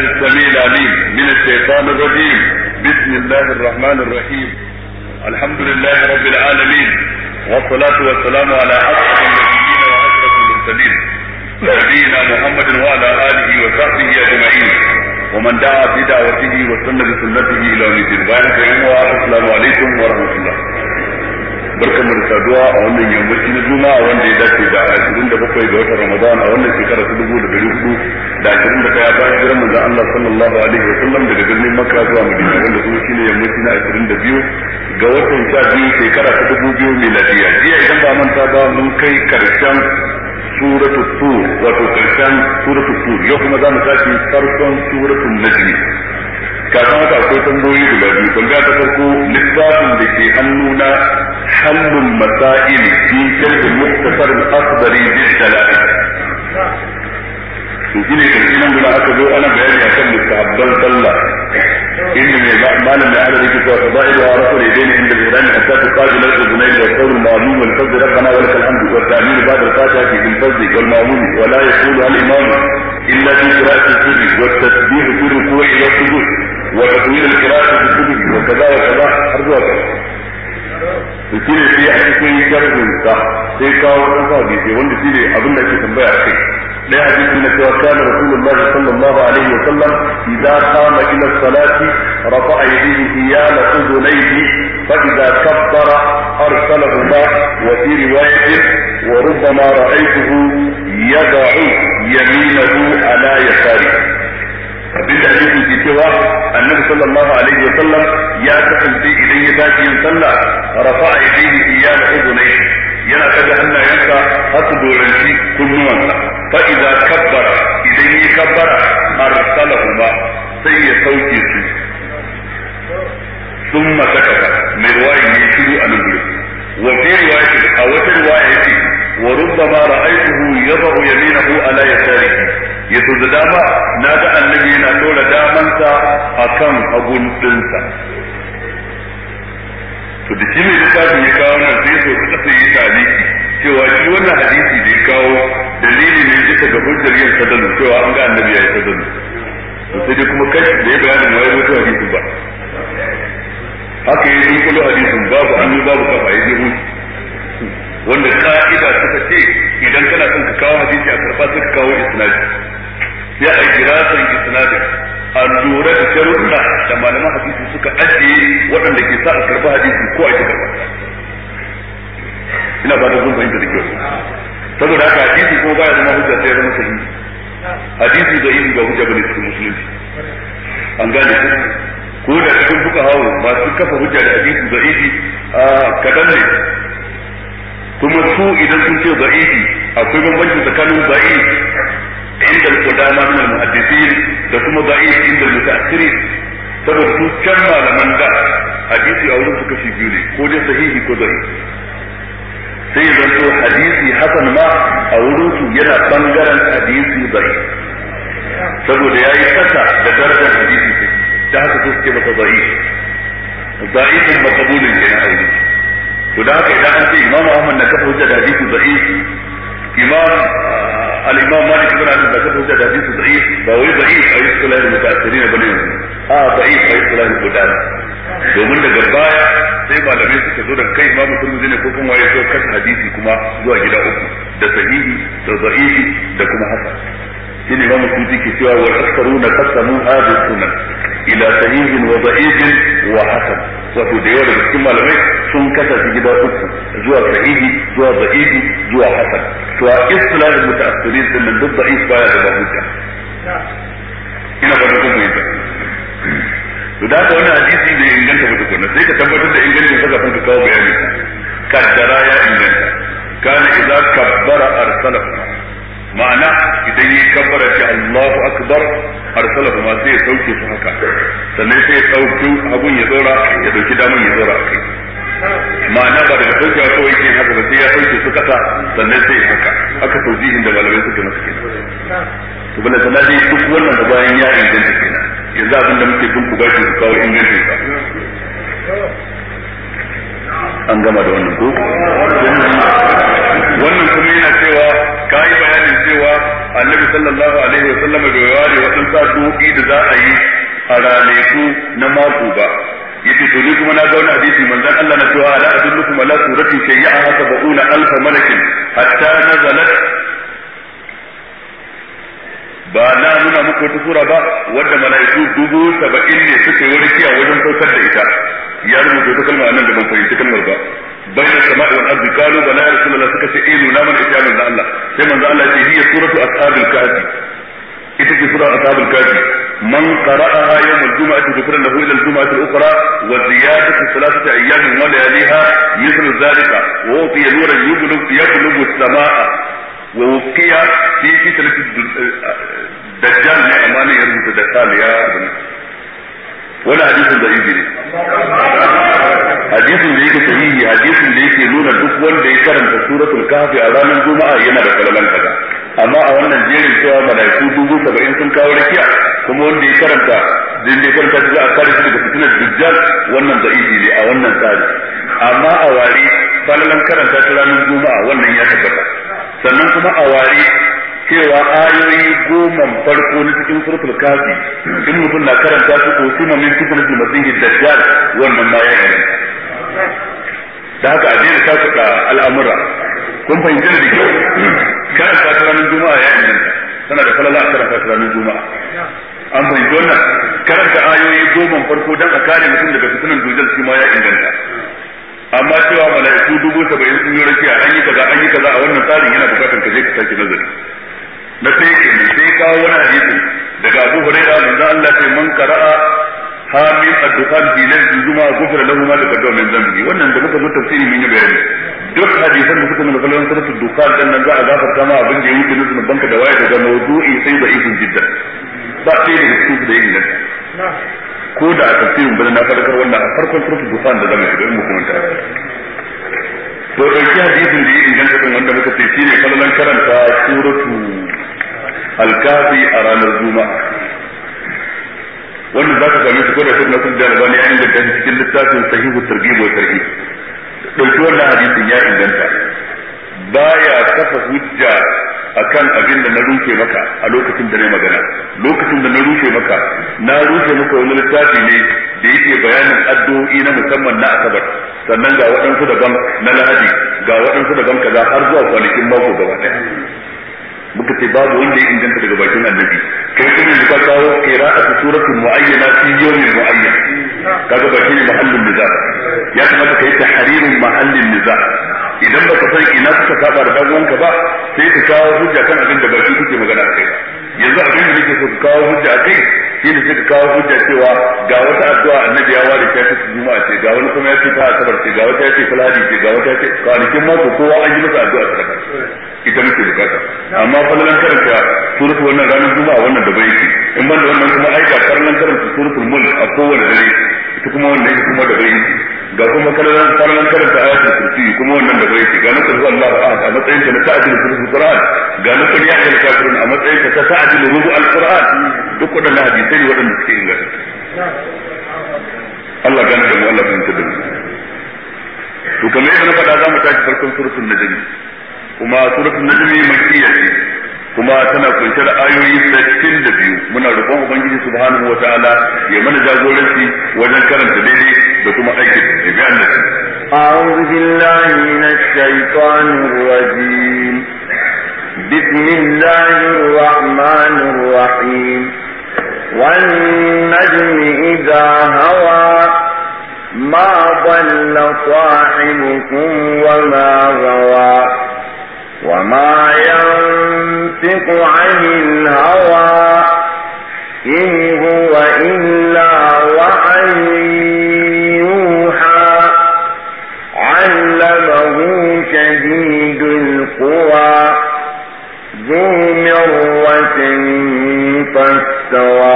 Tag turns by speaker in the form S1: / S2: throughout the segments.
S1: السميع العليم من الشيطان الرجيم بسم الله الرحمن الرحيم الحمد لله رب العالمين والصلاة والسلام على أشرف النبيين وأشرف المرسلين نبينا محمد وعلى آله وصحبه أجمعين ومن دعا بدعوته وسن بسنته إلى يوم الدين السلام عليكم ورحمة الله barkan mu da saduwa a wannan yammaci na juma'a wanda ya dace da ashirin da bakwai ga watan ramadan a wannan shekara ta dubu da dari hudu da ashirin da kaya bayan hijirar manzo Allah sallallahu alaihi wa sallam daga birnin Makka zuwa Madina wanda kuma shine yammaci na ashirin da biyu ga watan sha biyu shekara ta dubu biyu miladiya jiya idan ba manta ba mun kai karshen suratul tur wato karshen suratul tur yau kuma za mu tashi farkon suratul najmi kafin haka akwai tambayoyi guda biyu tambaya ta farko littafin da ke hannuna hannun masail fi sharh muktasar al-akhdari bil to shi ne kan nan guda aka zo ana bayani akan mustahabban sallah inda mai malam mai adadi ke cewa fada'ilu wa rasul yadaini inda al-irani asatu qabila al-zunayd wa qawlu ma'lum wal fadl rabbana wa hamdu wa ta'min ba'da al-fatiha fi al-fadl wal ma'mum wa la yaqulu al-imam illa bi qira'ati sirri wa tasbih ruku'i wa sujud وتطويل القراءة في الكتب وكذا وكذا أرجو to shi ne sai a cikin jarrin sa sai kawo wani hadisi wanda shi ne abin da ke tambaya a kai daya hadisi na cewa kana rasulullah sallallahu alaihi wa sallam idza qama ila salati rafa'a yadihi iyala udunayhi fa idza kabbara arsalahuma wa fi riwayatin wa abin da ake ke cewa annabi sallallahu alaihi wa sallam ya kasance idan ya tashi yin sallah rafa'a yadihi iyana udunayhi yana daga hannayensa har su doranci kunnuwansa fa idza kabbara idan ya kabbara ba sai ya sauke su summa sakata mai ruwayi ne shiru a nan gurin wa fi riwayatin a wata riwaya yake وربما رأيته يضع يمينه على يساره yato da dama na ga annabi yana dora damansa a kan hagun ɗinsa to da shi ne littafin ya kawo nan sai so suka sai yi taliki cewa shi wannan hadisi da ya kawo dalili ne duka ga hujjar yin sadalu cewa an ga annabi ya yi sadalu sai kuma kai da ya bayanin wai wata hadisi ba haka yi sun kulo hadisin babu hannu babu kafa ya je wanda ka'ida suka ce idan kana son ka kawo hadisi a karba suka ka kawo isnadi sai a kira san isnadi a lura da sharuɗa da malaman hadisi suka ajiye waɗanda ke sa a karba hadisi ko a ki karfa ina ba da zuwa yin da kyau saboda haka hadisi kuma baya zama hujja sai ya zama sahihi hadisi da yin ga hujja bane cikin musulunci an gane ko da cikin fuka hawo masu kafa hujja da hadisi da yi a kadan ne kuma su idan sun ce da'ifi akwai bambanci tsakanin da'if inda al-qudama min al-muhaddisin da kuma da'if inda al-muta'akhirin saboda su can malaman da hadisi a wurin su kashi biyu ne ko dai sahihi ko da'if sai zan so hadisi hasan ma a wurin su yana bangaren hadisi da'if saboda ya yi kasa da darajar hadisi sai da haka su suke masa da'if da'ifun maqbulun kenan a wurin to da haka idan an ce imam ahmad na kafa hujja da hadisi da'if imam ah, al-imam malik ibn anas na kafa hujja da hadisi da'if ba wai da'if ayi sulahi mutasirin bane a da'if ayi sulahi budan domin daga baya sai malamai suka zo da kai imam turmizi ne ko kuma waye zo kasa hadisi kuma zuwa gida uku da sahihi da da'ifi da kuma hasan shine imam suti ke cewa wa tasaruna qasamu hadis sunan ila sahihin wa da'ifin wa hasan wato da yawa daga cikin malamai sun kasa su gida uku zuwa sahihi zuwa da'ifi zuwa hasan to a istilahin muta'assirin din nan duk da'if baya da hujja ina ba da kuma to da haka wannan hadisi bai inganta ba tukunna sai ka tabbatar da ingancin saka kanka kawo bayani kaddara ya inganta kana idza kabbara arsalahu ma'ana idan yi kabbara ce Allahu akbar arsala ma sai ya sauke su haka sannan sai ya sauke abun ya dora ya dauki daman ya dora kai ma'ana ba daga sauke ko yake haka ba sai ya sauke su kasa sannan sai ya haka aka taujihin da
S2: malamai suke masa kenan to bala sana dai duk wannan da bayan ya inganta kenan yanzu abin da muke tun ku gashi su kawo ingancin ba
S1: an gama da wannan ko wannan kuma annabi sallallahu alaihi wa sallam bai ware waɗansu addu'o'i da za a yi a ranaku na mako ba yace to ni kuma na ga wani hadisi manzon Allah na cewa ala adullukum ala surati shay'a ba'una alfa malakin hatta nazalat ba na nuna muku wata sura ba wadda mala'iku dubu saba'in ne suka yi wani kiya wajen saukar da ita ya rubuta ta kalma nan da ban fahimci kalmar ba بين السماء والارض قالوا بلى يا رسول الله سكت ايه لا من اتي من الله سيما ان الله هي سوره اصحاب الكهف اتك سوره اصحاب الكهف من قراها يوم الجمعه ذكر له الى الجمعه الاخرى وزياده ثلاثه ايام ولياليها مثل ذلك ووقي نور يبلغ يبلغ السماء ووقي في فتنه دجال يا اماني يا ابن ولا حديث ضعيف hadisin da yake sahihi hadisin da yake nuna duk wanda ya karanta suratul kahfi a ranar juma'a yana da kalaman kaza amma a wannan jerin cewa malaiku dubu saba'in sun kawo rakiya kuma wanda ya karanta din da karanta za a kare shi daga fitinar dujjal wannan da'ifi ne a wannan tsari amma a wari kalalan karanta ta ranar juma'a wannan ya tabbata sannan kuma a wari cewa ayoyi goma farko na cikin suratul kafi in mutum na karanta su ko suna min fitnatul zingin dajjal wannan ma ya yi da haka a daina ta suka al'amura kun fahimci da kyau karanta ta ranar juma'a ya inganta tana da falala a karanta ta ranar juma'a an fahimci wannan karanta ayoyi goma farko dan a kare mutum daga fitnan dujal shi ma ya inganta amma cewa mala'iku dubu saba'in sun yi rakiya an yi kaza an yi kaza a wannan tsarin yana bukatar ka je ka sake nazari na sai ke sai kawo wani hadisi daga Abu Hurairah manzo Allah sai man qara'a hamim ad-dukan bi lafzi juma gufra lahu ma taqaddama min dhanbi wannan da muka mutum sai mun yi bayani duk hadisan da suka nuna kallon sarfin dukan dan nan za a gafarta ma abin da ya wuce nuzulun banka da waya daga mawdu'i sai da ibn jiddan ba sai da su da yin nan ko da a tafsirin bana na farkar wannan a farkon sarfin dukan da zamu shiga in mu kuma ta to dauki hadisin da yake inganta din wanda muka tafsiri shine kallon karanta suratu alkafi a ranar juma'a wannan za ka same shi ko da shi na sun jalibani ya inganta shi cikin littafin sahihu targhib wa tarhib dauki wannan hadisin ya inganta baya kafa hujja akan abin da na rufe maka a lokacin da na magana lokacin da na rufe maka na rufe maka wani littafi ne da yake bayanin addu'o'i na musamman na asabar sannan ga waɗansu daban na lahadi ga waɗansu daban kaza har zuwa kwanakin mako gaba ɗaya muka ce babu wanda ya inganta daga bakin annabi kai kuma yanzu ka kawo qira'atu suratul muayyana fi yawmin muayyan kaga ba shi mahallin niza ya kamata kai tahrirun mahallin niza idan baka san ina kuka saba da dan ba sai ka kawo hujja kan abin da baki kuke magana kai yanzu abin da nake so ka kawo hujja kai shi ne sai ka kawo hujja cewa ga wata addu'a annabi ya ware ta ta juma'a ce ga wani kuma ya ce ta asabar ce ga wata ya ce fulani ce ga wata ya ce kwanakin mako kowa an yi masa addu'a ta kasa ita muke bukata amma falalan karanta suratul wannan ranar juma'a wannan da bai in ban da wannan kuma aika karnan karanta suratul mulk a kowane dare ita kuma wannan ita kuma da bai ga kuma kallon kallon karanta ayatul kursi kuma wannan da bai ga nan kullu Allahu ahad a matsayin ta na ta'dil kursi Qur'an ga nan kullu ya'dil kafirun a matsayin ta ta'dil rubu al-Qur'an duk wadannan hadisi ne wadanda suke inganta Allah ga nan Allah bin tudun to kamar yadda na faɗa za mu tashi farkon suratul najm kuma suratul najm makkiyya ce kuma tana kunshe da ayoyi sittin da biyu muna roƙon ubangiji subhanahu wa ta'ala ya mana jagoranci wajen karanta daidai da kuma aiki da bi annabi أعوذ بالله من الشيطان الرجيم بسم
S3: الله الرحمن الرحيم والنجم إذا هوى ما ضل صاحبكم وما غوى وما ينطق عن الهوى إن هو إلا وحي يوحى علمه شديد القوى ذو مرة فاستوى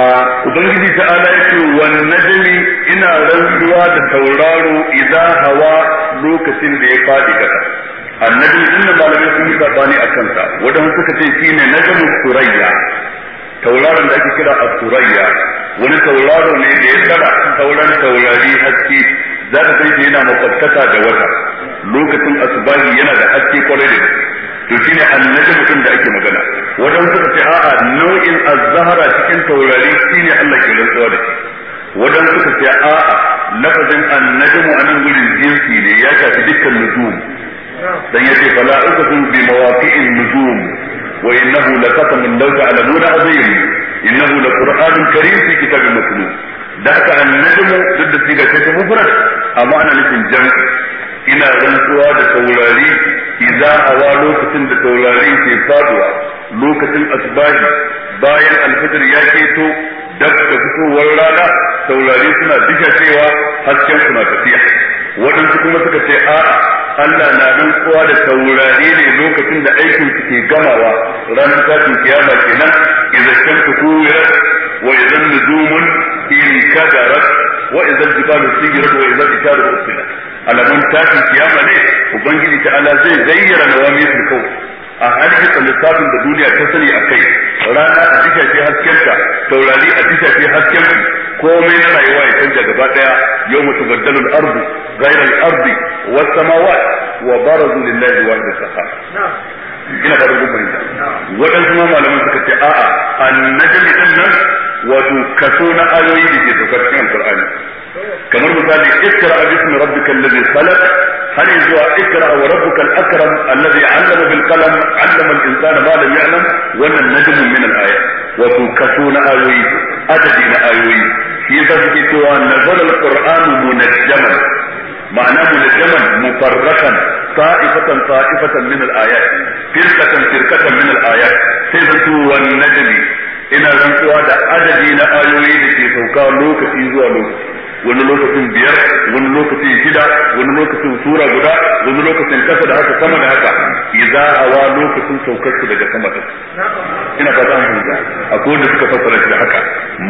S3: Ubangiji ta'ala yake
S1: wannan ina rantsuwa da tauraro idan hawa lokacin da ya faɗi kasa. annabi inda malamai sun yi sabani a kansa wadanda suka ce shine najmu surayya tauraron da ake kira a surayya wani tauraro ne da ya tsara sauran taurari haske za ka san yana makwabtaka da wata lokacin asubahi yana da haske kwarai da to shine annabi mutum da ake magana wadan suka ce a'a nau'in azhara cikin taurari shine Allah ke rantsuwa da shi wadan suka ce a'a lafazin annajmu anan gurin jinsi ne ya shafi dukkan nujum dan yace fala uqsimu bi mawaqi'in nujum wa innahu laqasamun ala ta'lamuna azim innahu laqur'anun karim fi kitabin maknun da haka annajmu duk da siga ce ta mufrad amma ana nufin jam'i ina rantsuwa da taurari idan hawa lokacin da taurari ke faduwa lokacin asbahi bayan alfajir ya keto dab da fitowar rana taurari suna dika cewa hasken suna tafiya waɗansu kuma suka ce a Allah na rantsuwa da taurari ne lokacin da aikin su ke gamawa ranar tashin kiyama kenan idan shamsu kuwirat wa idan nujumun in kadara wa idan jibalu sigirat wa idan itaru usilat alamun tashin kiyama ne ubangiji ta ala zai zayyara nawamisul kawai a da lissafin da duniya ta sani a kai rana a disha hasken haskenta taurari a disha hasken haskenta komai na rayuwa canja gaba daya yawma tubaddalu al-ardu ghayra al-ardi was samawat wa barazu lillahi wahdahu al-qahhar ina da rubu mai wadansu ma malaman suka ce a'a annajmi din nan wato kaso na ayoyi da ke daukar cikin alqur'ani kamar misali ikra bismi rabbikal ladhi khalaq har zuwa ikra wa rabbukal akram alladhi 'allama bil qalam 'allama al-insana ma lam ya'lam wannan najmun min al-ayat wato kaso na ayoyi adadi na ayoyi shi yasa suke cewa munajjaman ma'ana munajjaman mufarrakan ta'ifatan ta'ifatan min al firqatan firqatan min sai zanto wan najmi ina rantsuwa da adadi na ayoyi da ke sauka lokaci zuwa lokaci wani lokacin biyar wani lokacin shida wani lokacin sura guda wani lokacin kasa da haka sama da haka idza hawa lokacin saukar su daga sama da ina fata an fahimta akwai wanda suka fassara shi da haka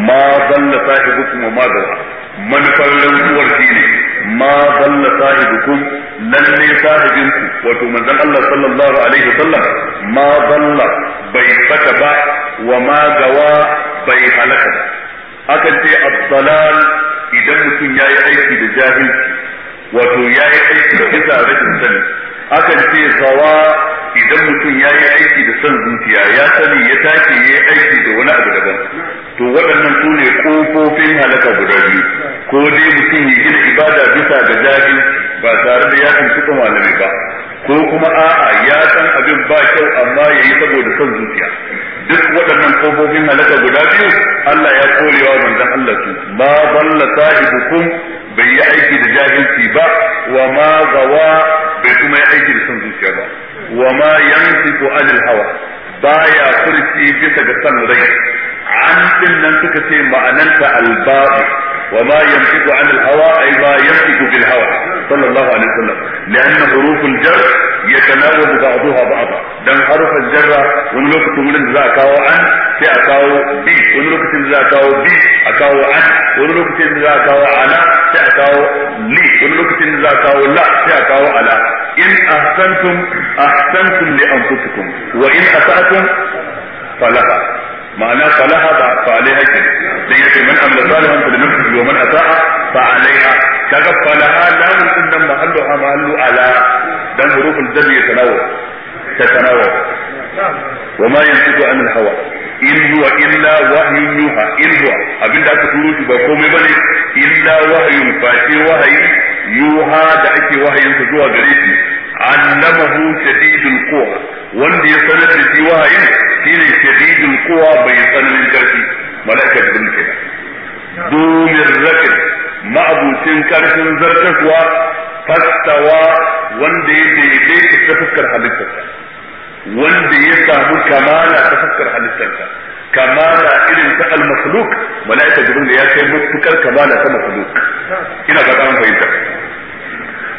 S1: ma dalla sahibukum wa ma dawa manufar rantsuwar shi ne ma dalla sahibukum lalle sahibinku wato manzon Allah sallallahu alaihi wasallam ma dalla bai fata ba wa ma gawa bai halaka akan ce abdalal idan mutum ya yi aiki da jahilci wato ya yi aiki da bisa rashin sani akan ce zawa idan mutum ya yi aiki da son zuciya ya sani ya tashi ya yi aiki da wani abu daban to waɗannan su ne ƙofofin halaka guda biyu ko dai mutum ya gina ibada bisa ga jahilci ba tare da ya tuntuɓa malami ba ko kuma a'a ya san abin ba kyau amma ya yi saboda son zuciya duk waɗannan kofofin halaka guda biyu Allah ya korewa manzon Allah su ma balla sahibukum bai yi aiki da jahilci ba wa ma gawa bai kuma yi aiki da son zuciya ba wa ma ko anil hawa baya furci bisa ga san rai an nan suka ce ma'ananta alba'i وما يمسك عن الهوى اي ما يمسك في الهوى صلى الله عليه وسلم لان حروف الجر يتناوب بعضها بعضا دان حرف الجر ونلوك تقول ان ذا كاو ان في اكاو بي ونلوك تقول ان ذا بي اكاو ان ونلوك تقول ان ذا على في اكاو لي ونلوك تقول ان ذا لا في اكاو على ان احسنتم احسنتم لانفسكم وان اساتم فلها ma'ana falaha ba fa alaiha kin dan yace man amala, zaliman fa linafsihi wa man asaa fa alaiha kaga falaha lamun din nan mahallu amalu ala dan ya huruful jalli tanawu tatanawu وما ينطق عن الهوى in huwa illa wahyun yuha in huwa abinda aka turo shi ba komai bane illa wahyun fa ce wahayi yuha da ake wahayin sa zuwa gare shi allamahu shadidul quwa wanda ya sanar da shi wahayin shine shadidul quwa bai tsananin karfi mala'ikar bin kenan dumir zakir ma'abucin karfin zartaswa fastawa wanda ya daidaita ta fuskar halittarsa wanda ya samu kamala ta fuskar kamala irin ta al-makhluk mala'ika jibril ya kai mutukar kamala ta makhluk ina ga an fahimta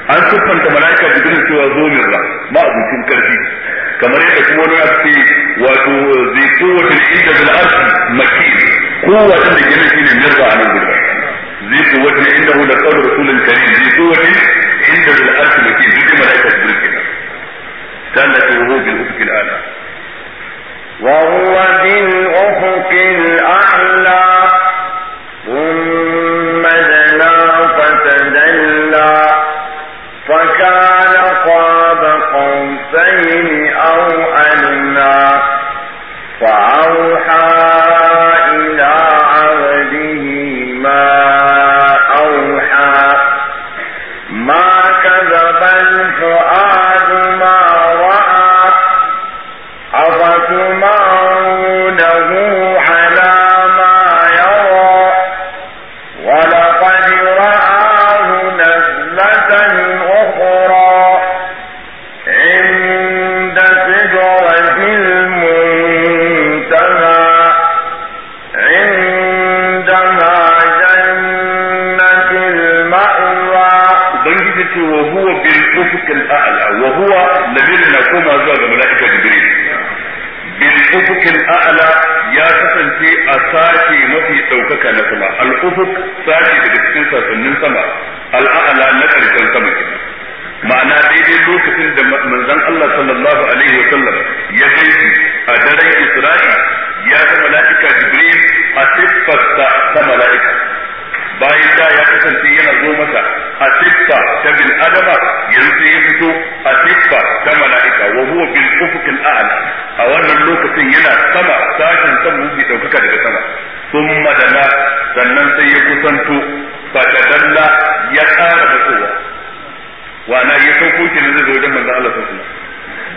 S1: an siffanta malaika jibril cewa zo min ra ba abincin karfi kamar yadda kuma wani ake wato zai kowace inda zai arshi maki kowace da gina shi ne mirza a nan gudu zai kowace inda kawo da kawar rasulun kare zai kowace inda zai arshi maki duk malaika jibril kenan sannan ta wuhu bil
S3: wa huwa bil بالأفق الأعلى
S1: ta bin adama yanzu ya fito a siffa ta mala'ika wa huwa bil ufuqil a'la a wannan lokacin yana sama sashin san mafi daukaka daga sama sun dana sannan sai ya kusanto fa tadalla ya ƙara da kowa wa na ya sauko shi ne zai wajen manzo Allah sallallahu alaihi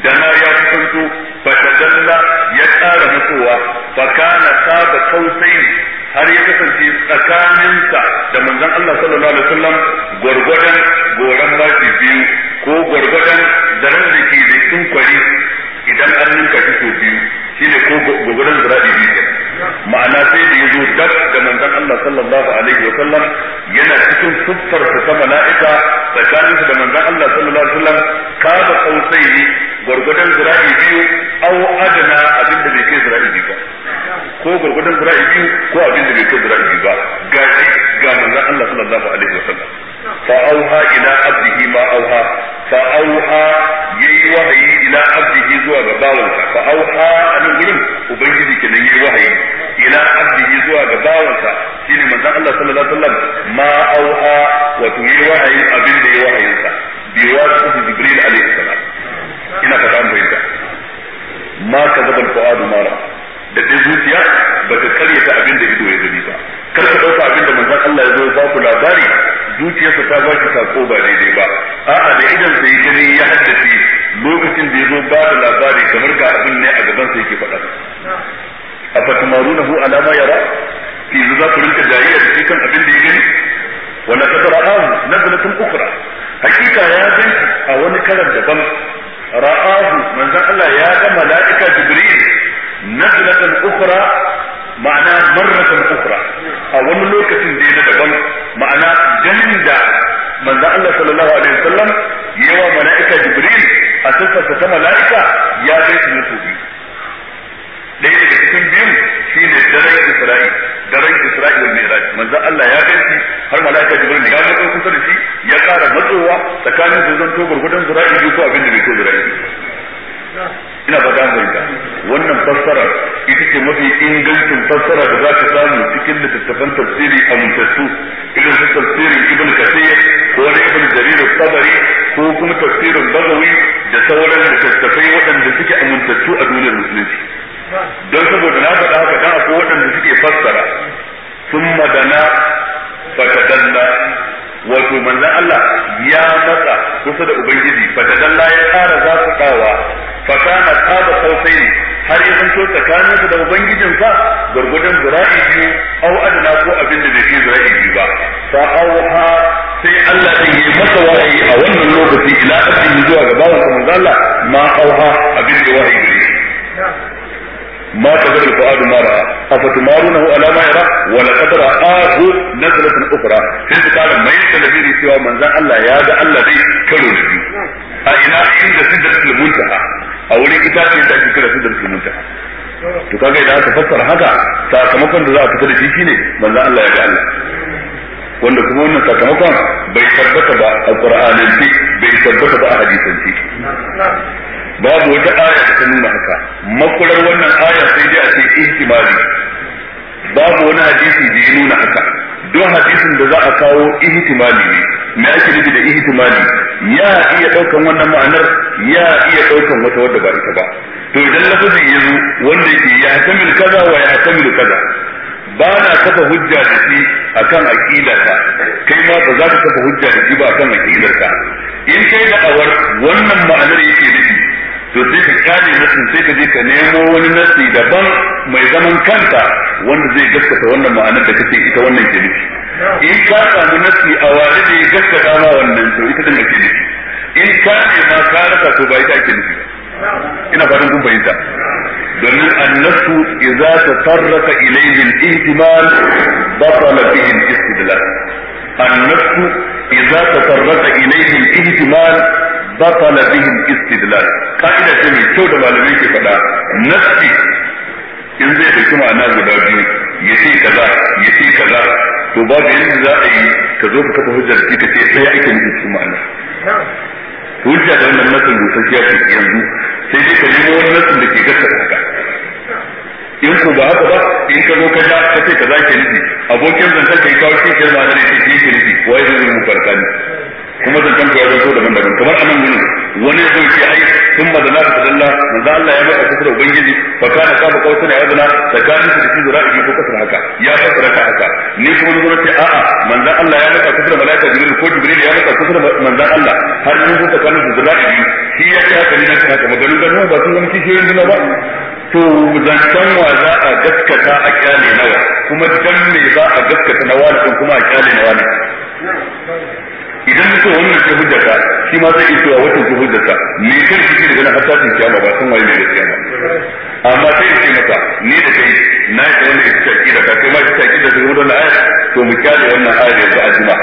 S1: dana ya kusanto fa tadalla ya ƙara da kowa fa kana saba kausai har ya kasance tsakaninsa da manzon Allah sallallahu alaihi wasallam gurgurda idan an ninka shi so biyu shine ko gogoran zira'i biyu ma'ana sai da zo dab da manzan Allah sallallahu alaihi wa sallam yana cikin suffar ta sama na'ika tsakanin da manzan Allah sallallahu alaihi wa sallam ka da kausai gurgudan zira'i biyu aw adna abin da bai kai zira'i biyu ba ko gurgudan zira'i biyu ko abin da bai kai zira'i biyu ba ga ga manzan Allah sallallahu alaihi wa sallam fa auha ila abdihi ma auha fa auha yayi wahayi ila abdihi zuwa ga bawansa fa auha an gurin ubangiji kenan yayi wahayi ila abdihi zuwa ga shi ne manzon Allah sallallahu alaihi wasallam ma auha wato yayi wahayi abin da yayi wahayinsa bi wasu jibril alaihi salam ina fata an ita ma kadaba al-fuadu mara. da zuciya ba karyata abinda da ido ya gani ba kar ka ɗauka abin da manzan Allah ya zo ya ba ku labari zuciyarsa ta ba ki sako ba daidai ba a'a da idan sai dare ya haddace lokacin da ya zo ba da labari kamar ga abin ne a gaban sa yake faɗa a fatimaruna hu alama yara fi zuba ku rinka jayayya da shi kan abin da ya gani wala kadara ahu nazalatun ukra hakika ya gan a wani kalar daban ra'ahu manzan Allah ya ga la'ika jibril nazlatan ukhra ma'ana marratan ukhra a wani lokacin da na daban ma'ana ganin da manzo Allah sallallahu alaihi wasallam yawa mala'ika jibril a siffarsa ta mala'ika ya bai su mutu biyu daga cikin biyu shine daren isra'i daren isra'i wal mi'raj manzo Allah ya gaishe har malaika jibril ya matso kusa da shi ya ƙara matsowa tsakanin su zanto gurgudan zura'i biyu ko abin da bai ko biyu
S2: ina
S1: ba ga wannan fassara ita ce mafi ingancin fassara da za ka samu cikin littattafan tafsiri amintattu irin su tafsirin ibn kasir ko na ibn jarir tabari ko kuma tafsirin bagawi da sauran littattafai waɗanda suke amintattu a duniyar musulunci don saboda na faɗa haka dan akwai waɗanda suke fassara sun madana fatadalla wato manzon Allah ya matsa kusa da ubangiji fa da dalla ya fara zafaɗawa fa kana qaba sautai har ya zanto tsakaninsa da ubangijinsa gurgudan zira'i ne au adana ko abin da bai fi zira'i ba fa auha sai Allah ya yi masa wahayi a wannan lokaci ila abin zuwa ga bawansa Allah ma auha abin da wahayi gare ما تذر a ما رأى أفتمارونه على ما يرى ولقد رآه نزلة أخرى sai su kara mai da labiri cewa manzan Allah ya ga Allah zai karo da biyu a ina inda sidratul muntaha a wurin itacen da ake kira sidratul muntaha to kaga idan aka fassara haka sakamakon da za a fita da shi shine manzan Allah ya ga Allah wanda kuma wannan sakamakon bai tabbata ba a qur'anance bai tabbata ba a hadisance babu wata aya da ta nuna haka makurar wannan aya sai dai a ce ihtimali babu wani hadisi da ya nuna haka don hadisin da za a kawo ihtimali ne me ake nufi da ihtimali ya iya daukan wannan ma'anar ya iya daukan wata wadda ba ita ba to idan lafazin ya zo wanda yake ya tamil kaza wa ya tamil kaza ba na kafa hujja da shi akan aqidarka kai ma ba za ka kafa hujja da shi ba akan aqidarka in kai da awar wannan ma'anar yake nufi to sai ka kare nasin sai ka je ka nemo wani nasi daban mai zaman kanta wanda zai gaskata wannan ma'anar da kace ita wannan ke nufi in ka samu nasi a wani da ya gaskata ma wannan to ita din ke nufi in ka nema ma ka rasa to ba ita ake nufi ina fatan kun fahimta domin annasu idza tatarraka ilayhi al-ihtimal batala bihi al-istidlal annasu idza tatarraka ilayhi al-ihtimal batala bihi al-istidlal kaida ce mai kyau da malamai ke faɗa nafsi in zai dauki ma'ana guda biyu ya yace kaza ya yace kaza to babu yadda za a yi ka zo ka kafa hujjar ki ta ce sai ake nufi cikin ma'ana hujja da wannan nasin rutacciya ce yanzu sai dai ka nemo wani nasin da ke gasa haka in ku ba haka ba in ka zo ka ja ka ce kaza ke nufi abokin zantar kai kawo shi ke zama ne shi ke nufi wai zai mu farka ne kuma zantar ka zo daban daban kamar anan gudu wani zai ce ai sun ba da na ta dalla za Allah ya maka kafir ubangiji fa kana ka ba kauta ka azna tsakanin su cikin a ko kasar haka ya kasar ka haka ni kuma zo ce a'a manzo Allah ya maka kafir malaika jibril ko jibril ya maka kafir manzo Allah har sun zo tsakanin suna zura'i shi ya ce haka ne na haka maganin ganin ba sun zama kishiyoyin ba to zancen wa za a gaskata a kyale nawa kuma dan me za a gaskata na wani kuma a kyale na wani idan mutu wannan ke hujjata shi ma zai iya wata ke hujjata me kan kike da ganin sun kyama ba sun waye ne da kyama amma sai ya ce maka ni da kai na yi wannan ita ta da ka kai ma ita ta kida da na ayat to mu kyale wannan ayat yanzu a jima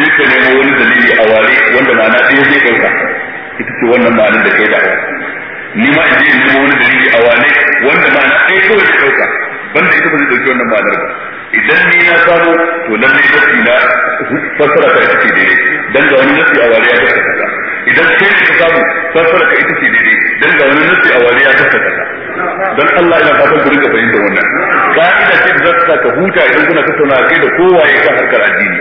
S1: je ka nemo wani dalili a ware wanda ma'ana ɗaya zai ɗauka ita ce wannan ma'anin da kai da ni ma je in nemo wani dalili a wane wanda ma na kawai su dauka banda ita ba zai dauki wannan ma'anar ba idan ni na samu to ne nasi na fassara ta ita ce daidai dan ga wani nasi a wane ya kasa kaza idan sai ne ka samu fassara ka ita ce daidai dan ga wani nasi a wane ya kasa kaza dan Allah ina fatan ku rinka fahimta wannan ka'ida ce da za ka huta idan kuna tattauna kai da kowa ya kan harkar addini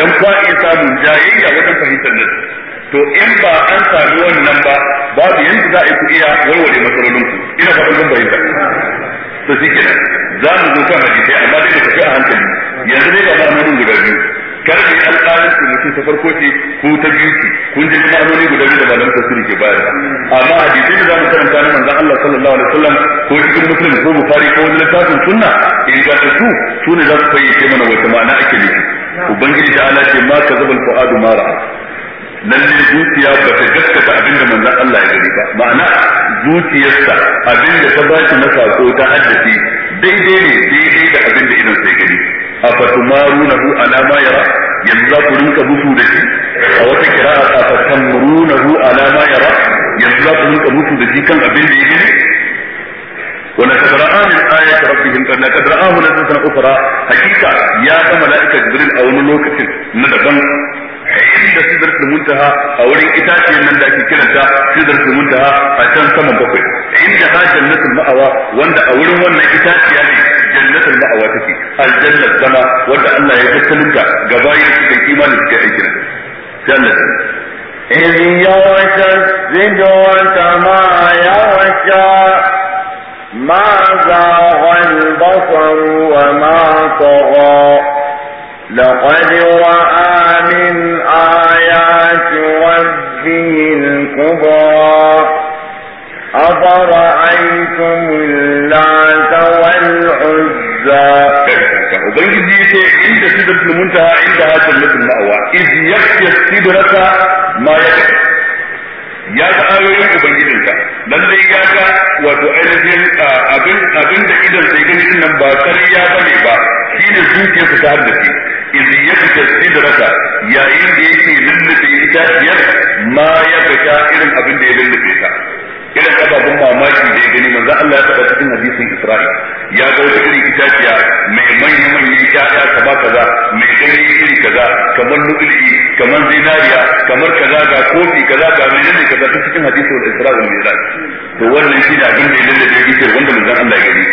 S1: dan fa'i samu jayayya wajen fahimtar nasi to in ba an sami wannan ba babu yanda za a ku iya warware matsalolin ku ina fatan kun bayyana to shi kenan za mu zo kan hadisi amma dai da tafi a hankali yanzu dai ga ma'anonin guda biyu kar ne alƙalin ku mutum ta farko ce ko ta biyu ce kun ji ma'anoni guda biyu da malamin tafsiri ke bayar amma hadisi da za mu karanta na manzon Allah sallallahu alaihi wasallam ko cikin muslim ko bukhari ko wani littafin sunna in ga su su ne za su fayyace mana wata ma'ana ake nufi ubangiji ta ala ce ma ka zabal fu'adu ma lalle zuciya ba ta gaskata abin da manzon Allah ya gani ba ma'ana zuciyarsa abin da ta baki na sako ta haddace daidai ne daidai da abin da idan sai gani afatumarunahu ala ma yara yanzu za ku rinka mutu da shi a wata kira kira'a afatumarunahu ala ma yara yanzu za ku rinka mutu da shi kan abin da ya gani ولقد رآه من آيات ربهم لقد رآه نزلة أخرى حقيقة يا a wani أو na daban. inda sidratul muntaha a wurin itaciyar nan da ake kiranta sidratul muntaha a can saman bakwai inda ha jannatul ma'awa wanda a wurin wannan itaciya ne jannatul ma'awa take aljannar zama wanda Allah ya tattalunta ga bayan su kai imani su kai aikin jannatul إذ يغشى السدرة ما يغشى
S3: ما زاغ البصر وما طغى لقد رأى من آيات ربه الكبرى أفرأيتم
S1: اللات والعزى Ubangiji ya ce inda sidratul muntaha inda ha jannatul ma'wa iz yakya sidrata ma ya ga ayoyin ubangijinka lallai ya ga wato ainihin abin da idan sai gani nan ba kariya bane ba shine zuciyarsa ta haddace idh yabta sidraka yayin da yake lullube itaciyar ma ya fita irin abin da ya lullube ka. irin ababen mamaki da ya gani manzo Allah ya faɗa cikin hadisin Isra'i ya ga wata itaciya mai manya manyan ƴaƴa kaza kaza mai gani iri kaza kamar lu'lu'i kamar zinariya kamar kaza ga kofi kaza ga menene kaza duk cikin hadisin Isra'i wal Mi'raj to wannan shi ne abin da ya lullube ita wanda manzo Allah ya gani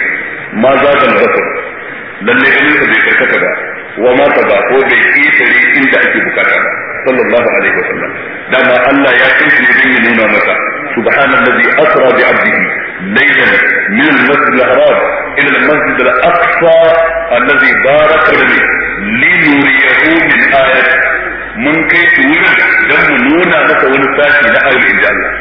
S1: ma za ka lalle bai karkata ba وما تبا هو بي إيسري إلا أجي صلى الله عليه وسلم دعنا الله يأتي في ذي نونا مكا سبحان الذي أسرى بعبده
S2: ليلا
S4: من
S1: المسجد الأعراب إلى المسجد الأقصى الذي بارك لي لنريه من آيات mun kai su wurin don mu nuna masa wani sashi na ayoyi inda Allah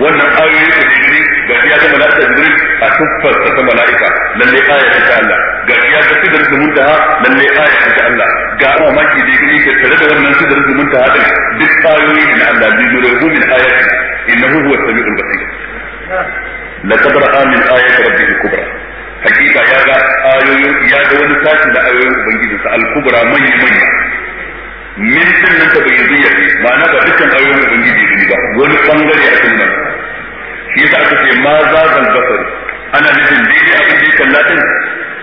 S1: wannan ayoyi da shi ga ya ga mala'ika jibril a tuffar ta mala'ika lalle aya ta Allah ga ya ga sidar da muntaha lalle aya ta ta Allah ga mamaki da yake ke tare da wannan sidar da muntaha din duk ayoyi ne na Allah bi nuru min ayati innahu huwa samiul basir laqad ra'a min ayati rabbih kubra hakika ya ga ayoyin ya ga wani sashi da ayoyin ubangijinsa al-kubra manya manya min bai yi tabayyuziyya ma'ana ba dukkan ayoyin ubangiji ne ba wani bangare a sunna shi yasa aka ce ma za zan basari ana nufin daidai abin da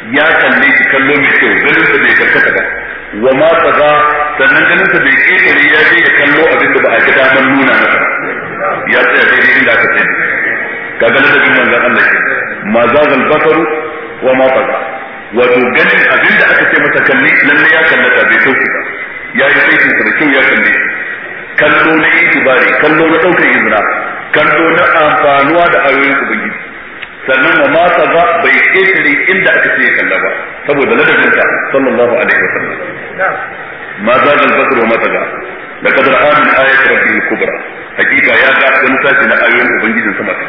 S1: ya kalla din ya kalle ki kallo mai kyau ganin ta bai karkata ba wa ma kaza sannan ganin ta bai ƙetare ya je ya kallo abin da ba a ga daman nuna masa ya tsaya daidai inda aka tsaya kaga ladabin manzon Allah ke ma za zan basaru wa ma kaza wato ganin abin da aka ce masa kalli lalle ya kallata bai sauki ba ya yi aikin sa da kyau ya kalle kallo na itibari kallo na daukar izina kallo na amfanuwa da ayoyin ubangiji sannan wa ma ba bai ƙetare inda aka ce ya kalla ba saboda ladabin ta sallallahu alaihi sallam ma za ga bakar wa mata ga da kadar amin ayat kubra hakika ya ga wani sashi na ayoyin ubangijin sama ta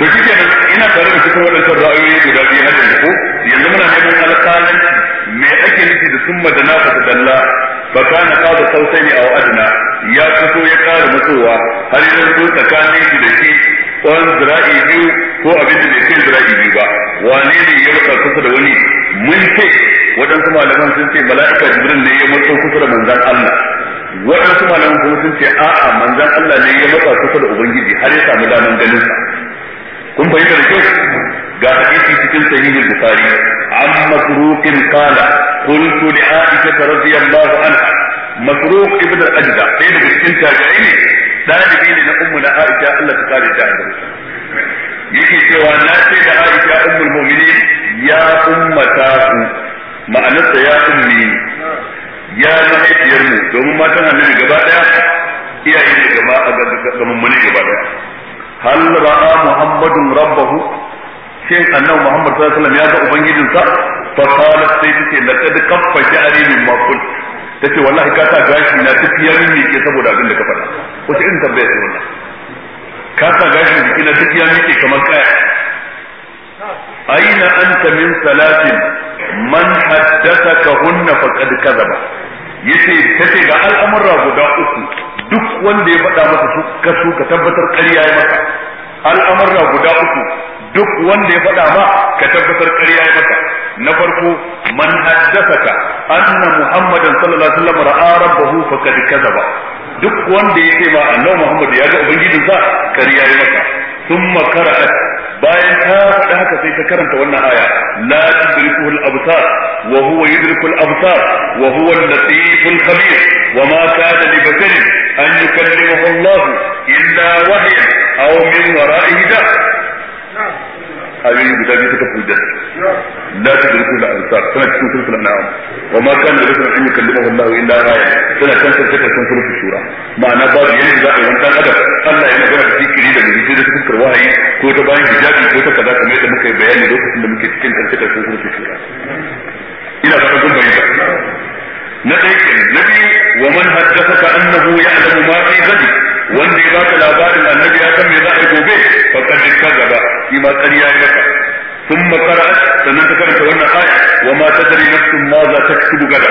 S1: to shi ke ina tare da cikin waɗancan ra'ayoyi guda biyu na yanzu ko yanzu muna neman alƙalin me ake nufi da sun madana ba ta dalla fa kana qada sautai aw adna ya fito ya ƙara matsowa har yanzu tsakanin shi da shi tsawon zira'i biyu ko abin da bai kai zira'i biyu ba wane ne ya rasa kusa da wani mun ce waɗansu malaman sun ce mala'ika jibril ne ya mutu kusa da manzan Allah waɗansu malaman kuma sun ce a'a manzan Allah ne ya mutu kusa da ubangiji har ya samu daman ganin sa kun fahimta da kyau ga hadisi cikin sahihul bukhari an masruqin qala qultu li aisha radhiyallahu anha masruq ibn al-ajda sai da cikin tabi'i ne dalibi ne na ummu na aisha Allah ta kare ta da
S2: yake cewa na ce da
S1: aisha ummul mu'minin ya ummata ma'anarsa ya ummi ya mu. domin matan annabi gaba daya iyaye ne gaba a gaba gaba daya hal ra'a muhammadun rabbahu shin annabi muhammad sallallahu alaihi wasallam ya ga ubangijinsa fa qala sai tace laqad kaffa sha'ri min ma qult tace wallahi ka sa gashi na tafiyar ne ke saboda abin da ka faɗa wace irin tambaya ce wannan ka sa gashi jiki na tafiyar ne kamar kaya aina anta min salatin man haddathaka hunna faqad kadhaba yace tace ga al'amura guda uku duk wanda ya faɗa masa su ka su ka tabbatar ƙarya ya maka al'amarra guda uku duk wanda ya faɗa ma ka tabbatar ƙarya ya maka na farko man ka anna muhammadan sallallahu alaihi wasallam ra'a rabbahu faqad kadzaba duk wanda ya ce ma annabi muhammad ya ga ubangijinsa ƙarya ya maka thumma qara'a bayan ta faɗa haka sai ta karanta wannan aya la tudriku al-absar wa huwa yudriku al-absar wa huwa al-latif al-khabir wa ma kana li basharin an yukallimahu Allah illa wahya aw min wara'i hijab ayoyi guda biyu suka fuja la tudriku al absar tana cikin sulful an'am wa ma kana lakum an yukallimahu Allah illa aya tana kan sun ta sun sulful shura ma'ana ba da yanda za a yi wannan adam Allah ya magana da zikiri da zikiri da cikin wahayi ko ta bayan hijabi ko ta kaza kamar yadda muka yi bayani lokacin da muke cikin sarki ta cikin sulful shura ina fata kun bayyana na ɗaya na biyu wa man haddathaka annahu ya'lamu ma fi ghadi wanda ya baka labarin annabi ya san me za a yi gobe faqad kadzaba shi ma ƙarya ya maka Sun makara sannan ta karanta wannan aya wa ma tadri nafsun ma za taktubu gada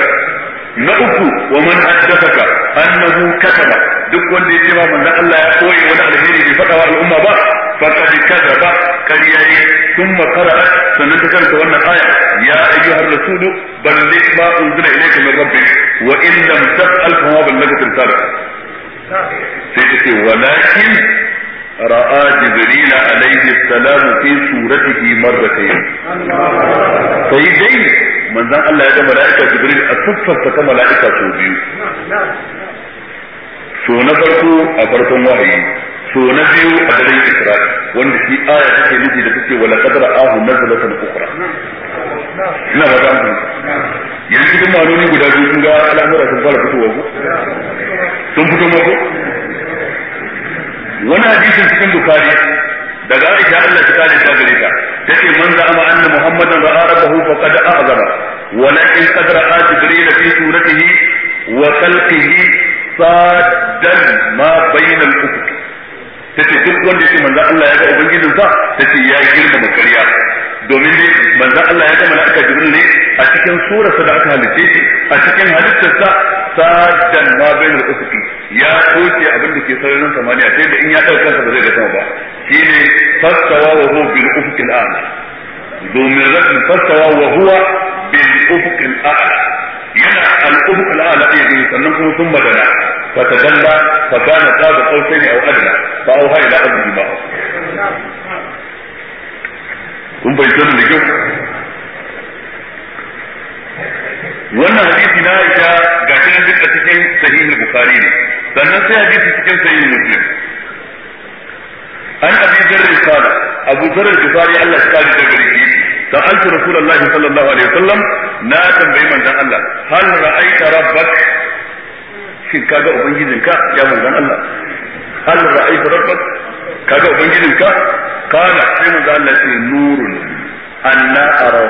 S1: na uku wa man haddathaka annahu kataba duk wanda ya ce ba manzon Allah ya koyi wani alheri bai faɗa wa al'umma ba faqad kadaba kariyai thumma qara'a sannan ta karanta wannan aya ya ayyuhar rasulu balligh ma unzila ilayka min rabbi? wa in lam taf'al fa ma ballaghta risalata sai ta ce walakin ra'a jibril alaihi salam fi suratihi marratayn
S2: sai dai manzon Allah ya ga mala'ika jibril a
S1: siffarsa ta mala'ika sau biyu so na farko a farkon wahayi so na biyu a daren Isra'i wanda shi aya take nufi da take wala qadra ahu nazalatan ukhra
S2: ina ba ta mutum yanzu
S1: duk maloni guda biyu sun ga al'amura sun fara fitowa ko sun fito ma ko wani hadisin cikin bukari daga Aisha Allah ta kare ta gare ta tace man za'ama anna muhammadan ra'a rabbahu faqad a'zama ولكن قد رأى جبريل في صورته وخلقه صادا ما بين الأفق tace duk wanda yake manzon Allah ya ga ubangijin sa tace ya girmama ƙarya domin ne manzon Allah ya ga mala'ika jibril ne a cikin surarsa da aka halice shi a cikin halittarsa sadan ma bainal usuki ya soke abin da ke sararin samaniya sai da in ya dauka kansa ba zai ga sama ba shine fastawa wa huwa bil ufuqil a'la domin rakin fastawa wa huwa bil ufuqil a'la yana al ufuqil a'la ɗaya sannan kuma sun madana فتدلى فكان قاب قوسين او ادنى فاوحى الى عبده ما kun bai san da kyau wannan hadisi na Aisha ga shi nan duka cikin sahihin Bukhari ne sannan sai hadisi cikin sahihin Muslim an abi zarri qala abu zarri bukhari Allah ya kare daga gari سألت رسول الله صلى الله عليه وسلم لا تنبي من ذا الله shin ka kaga ubangijinka ya manzan Allah hal ra'aytu rabbak ka kaga ubangijinka kana sai manzan Allah ce nurun anna ara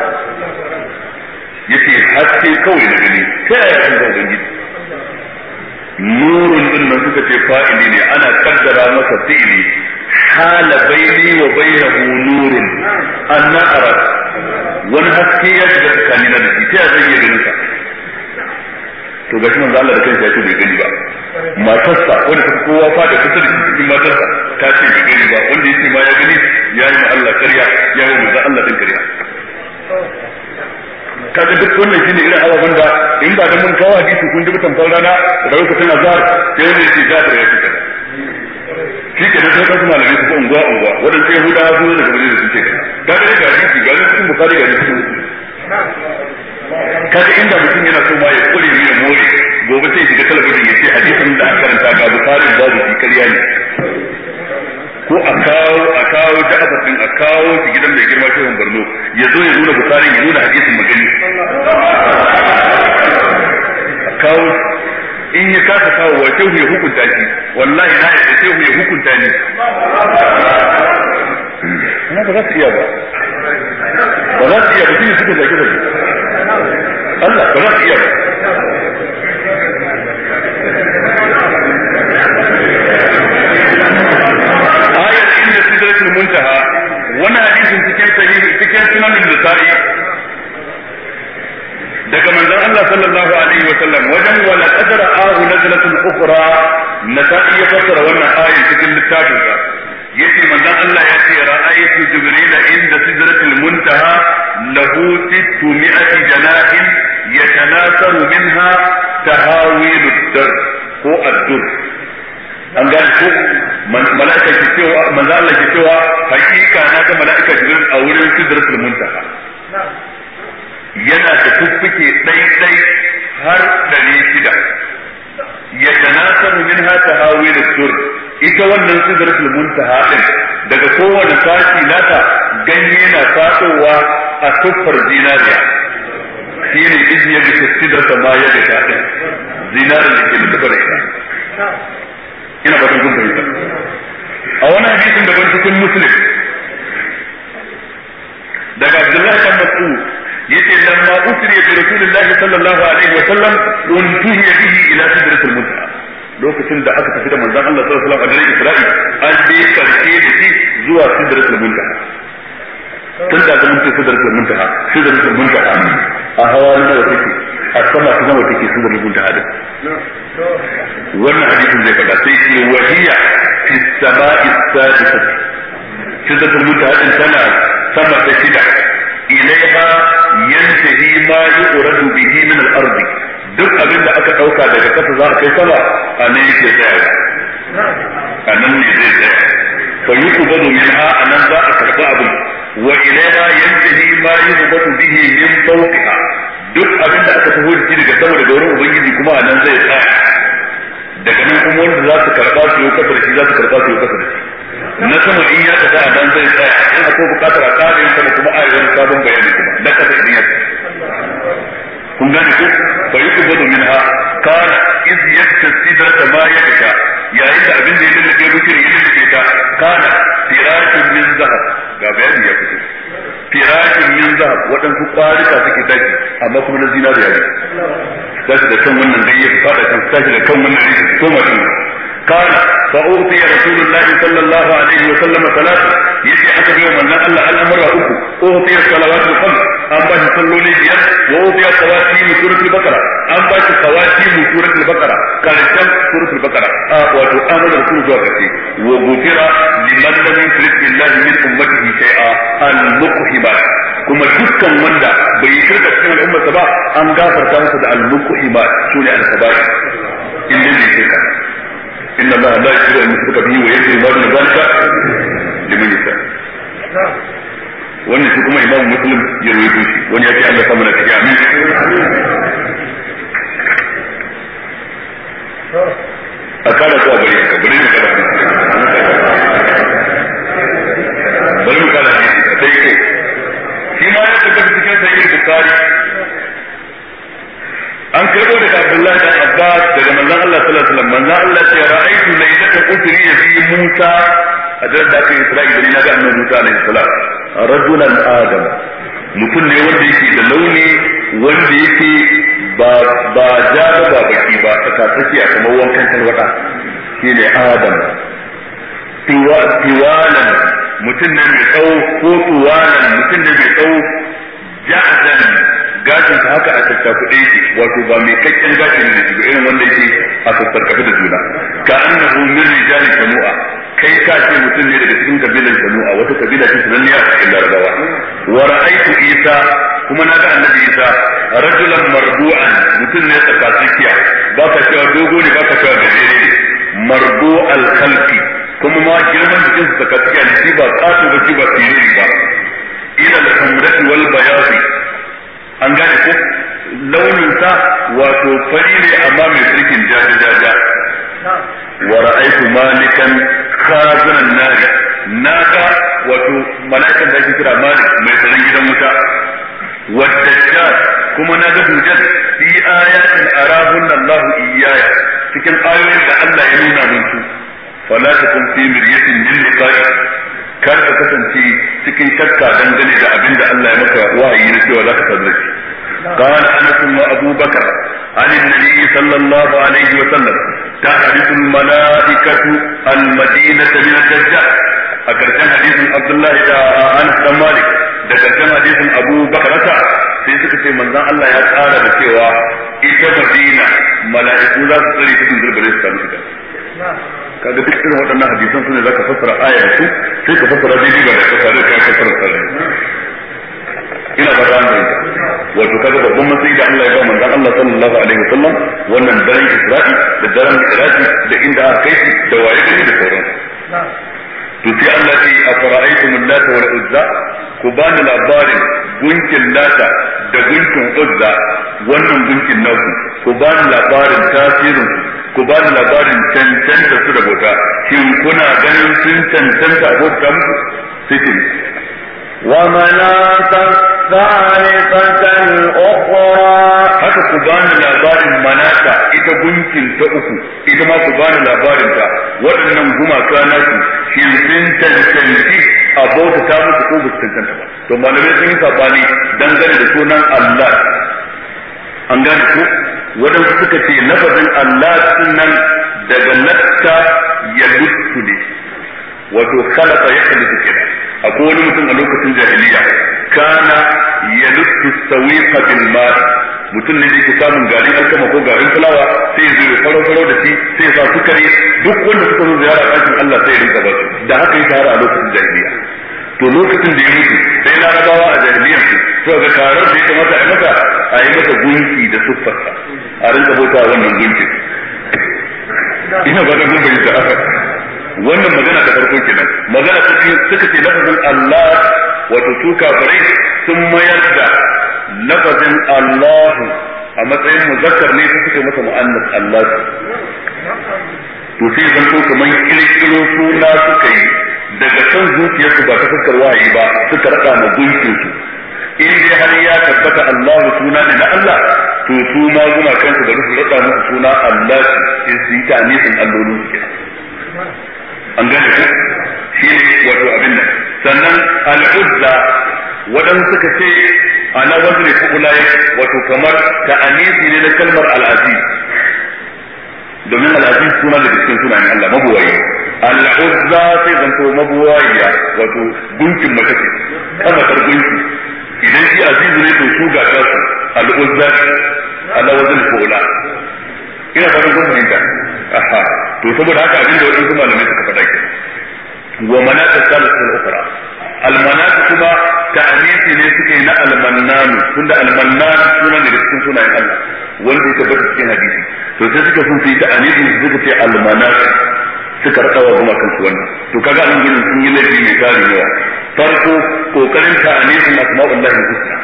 S1: yace haske kawai da gani kai ya san ubangiji nurun din nan suka ce fa'ili ne ana kaddara masa fi'ili hala baini wa bainahu nurun anna ara wani haske ya shiga tsakanin da shi ta ya zai iya ganin to ga shi manzo Allah da kansa ya ce bai gani ba matarsa wanda ta kowa fa da kusa da cikin matarsa ta ce bai gani ba wanda yake ma ya gani ya yi Allah kariya ya yi manzo Allah din karya kaga duk wannan shine irin ababen da in ba da mun kawo hadisi kun ji mutan rana da lokacin azhar sai ne ce zafir ya ce shi ke da sauƙa suna lalata su unguwa unguwa waɗanda yahudawa sun zo daga wajen da suke kaga da ga hadisi ga cikin bukari ga cikin
S2: kaga inda
S1: mutum yana so ma ya kure ne ya more gobe sai shiga talabijin ya ce hadisin da aka karanta ga bukarin babu shi karya ne ko a kawo a kawo da aka a kawo shi gidan mai girma shehun Borno ya zo ya nuna bukarin ya nuna hadisin magani a kawo in ya kasa kawo wa shehu ya hukunta shi wallahi na ya shehu ya hukunta ni na ba za su iya
S2: ba ba za su iya ba shine suka zage zage Allah ba za su iya ba
S1: ayat inda sidratul muntaha wannan hadisin cikin sahih cikin sunan nisa'i daga manzon Allah sallallahu alaihi wa sallam wajen wala qadara ahu nazlatun ukhra nasa'i ya fassara wannan ayin cikin littafin sa yace manzon Allah ya ce ra'aytu jibril inda sidratil muntaha lahu sittu mi'ati janahin yatanasaru minha tahawilud dar ko ad-dur an ga ko mala'ika ke cewa manzon Allah ke cewa hakika na ga mala'ika jibril a wurin sidratil muntaha yana da kuffuke ɗai-ɗai har ɗari shida yatanasaru minha tahawil as-sur ita wannan sidratul muntaha din daga kowane sashi nata ganye na fatowa a tuffar zinariya shi ne izi ya bisa sidrata ma ya ga shaɗin zinarin da ke da tabar ita ina ba kun ita. a wani hadisin daban cikin muslim daga abdullahi kan mas'ud yace lamma usriya bi rasulillahi sallallahu alaihi wa sallam untuhiya bihi ila sidratil muntaha lokacin da aka tafi da manzon Allah sallallahu alaihi wa sallam
S2: a dai karshe da shi
S1: zuwa sidratul muntaha tun da zaman ce sidratul muntaha sidratul muntaha a hawa na wata ce a sama kuma wata ke sidratul muntaha din wannan hadisin zai faɗa sai ce wahiya fi sama'i sadisati sidratul muntaha din tana sama ta shida ilaiha yantahi ma yuqradu bihi min al-ard duk abin da aka dauka daga kasa za a kai sama a nan yake tsaya a nan ne zai tsaya fa ha minha anan za a karba abin wa ilayha yantahi ma yuqbadu bihi min fawqiha duk abin da aka taho da daga sama daga wurin ubangiji kuma a nan zai tsaya daga nan kuma wanda za su karba su yi kasa da shi za su karba su yi kasa da shi na sama in ya tafi a dan zai tsaya in akwai bukatar a kare yin da kuma a wani sabon bayani kuma na kasa in ya tafi kun gane ku? fa yi kuma domin ha kana iz da ta ma ya fita yayin da abin da ya lalace bukin ya lalace ta kana firashin min zahab. ga bayani ya fito firashin min zahar waɗansu ƙwarika suke daji amma kuma na zinariya ne tashi da kan wannan dai ya fada kan tashi da kan wannan dai ya koma قال فأوتي رسول الله صلى الله عليه وسلم ثلاثة يجي حسب يوم أن الله الأمر أكو أوتي الصلوات الخمس أم باش صلوا لي بيان وأوتي الصواتيم سورة البقرة أم باش الصواتيم سورة البقرة قال الشمس سورة البقرة آه وأتو آمن رسول جوابتي وغفر لمن لم يشرك بالله من أمته شيئا المقحبات kuma dukkan wanda bai yi shirka cikin al'ummarsa ba an gafarta masa da al-muqhibat sune al-kabair in dai bai shirka inna allaha la yughfiru an yushraka bihi wa yaghfiru ma dun dhalika liman yasha wannan shi kuma imamu muslim ya rawaito shi wani ya ce Allah sama da kake amin a kada ko bari ka bari mu kada bari mu kada sai
S2: ke shi ma ya tafi cikin sayyid bukhari
S1: an karbo daga Abdullah da Abbas daga manzon Allah sallallahu alaihi wasallam manzon Allah ya ra'aytu laylata usri bi Musa a da da kai Isra'i da naga annabi Musa alaihi salam rajulan adam mutum ne wanda yake da launi wanda yake ba ba ja ba baki ba ta a kamar wankan tarwada ne adam tuwa tiwalan mutum ne mai tsawo ko tuwalan mutum ne mai tsawo ja'dan gashin ta haka a kuɗe yake wato ba mai kakkin gashin ne ba irin wanda yake a tattakuɗe da juna ka annahu min rijalin kanu'a kai ka ce mutum ne daga cikin kabilan kanu'a wata kabila ce sananniya a cikin larabawa wa ra'aytu isa kuma na ga annabi isa rajulan mardu'an mutum ne tsakatsakiya ba ka cewa dogo ne ba ka cewa gajere ne mardu khalqi kuma ma girman jikin su tsakatsakiya ne shi ba kato ba shi ba siriri ba ila al-hamrati wal bayadi an gane ko launin sa wato fari ne amma mai sirkin jaja jaja wa ra'aytu malikan khazanan nari naga wato mala'ikan da ake kira malik mai tsaron gidan wuta wa dajjal kuma naga dujjal fi ayatin arahunna Allah iyaya cikin ayoyin da Allah ya nuna min su fala takun fi miryatin min liqa'i kar ka kasance cikin shakka dangane da abin da Allah ya maka wahayi na cewa za ka sanar shi قال انس وابو بكر عن النبي صلى الله عليه وسلم تعرف الملائكه المدينه من الدجال اكرت حديث عبد الله بن انس مالك ذكرت حديث ابو بكر sai suka ce manzan Allah ya tsara da cewa ita Madina mala'iku za su tsari cikin zurbare su samu shiga kaga duk irin waɗannan hadisan sune zaka fassara ayar su sai ka fassara daidai ga ka tare ka fassara sai ina ba ran da wato kaga babban matsayi da Allah ya ba manzon Allah sallallahu alaihi wasallam wannan daren Isra'i da daren Iraki da inda aka kai da waye da
S2: sauransu
S1: to sai Allah ya ce afara'aytum lata uzza ku bani labarin gunkin lata da gunkin uzza wannan gunkin naku ku bani labarin tasirin ku bani labarin cancanta su da bauta shin kuna ganin sun cancanta bauta muku sai ومناة الثالثة haka ku bani labarin manata ita gunkin ta uku ita ma ku bani labarin ta waɗannan gumaka naku shin sun cancanci a bauta ta musu ko ba su cancanta ba to malamai sun yi sabani dangane da sunan Allah an gane ku waɗansu suka ce lafazin Allah sunan daga latta ya lutsu ne wato khalaqa ya kalli kenan akwai wani mutum a lokacin jahiliya kana ya lutsu sawiqa bil ma'i mutum ne yake samun garin alkama ko garin fulawa sai ya zo faro faro da shi sai ya sa sukari duk wanda suka zo ziyara ɗakin Allah sai ya rinka ba da haka ya tara a lokacin jahiliya to lokacin da ya mutu sai larabawa a jahiliyar su to ga karar da ya kamata a yi masa a yi masa gunki da siffarsa a rinka bauta wannan gunki
S2: ina ba da gunki da aka
S1: wannan magana ta farko kenan magana ta biyu suka ce lafazin Allah wato su sun mayar da lafazin Allah a matsayin muzakkar ne sun suke masa mu'annas Allah to sai zan so kamar kirkiro suna suka yi daga kan zuciyarsu ba ta fuskar wahayi ba suka rada ma gunkin su in dai har ya tabbata Allah suna ne na Allah to su ma guna kansu da su rada musu suna Allah in su yi ta nisan allolin su
S2: kenan
S1: an gane ku shi ne wato abin nan sannan al'uzza waɗansu suka ce ana ne fu'ulai wato kamar ta anisi ne na kalmar al'aziz domin al'aziz suna da cikin ne Allah mabuwayi al'uzza sai zanto mabuwayiya wato gunkin mace ce kamatar gunki idan shi aziz ne to su ga kasu al'uzza ala ne fu'ula ina fatan kun fahimta aha to saboda haka abin da wadansu malamai suka faɗa ke wa manata salatu al-ukhra al-manata kuma ta'anisi ne suke na al-mannan tunda al-mannan sunan da cikin sunayen Allah wanda ya tabbata cikin hadisi to sai suka sun fi ta'anisi suka ce al-manata suka rasa wa kuma kansu wannan to kaga an gurin sun yi laifi mai gari yawa farko kokarin ta'anisin asma'ullahi husna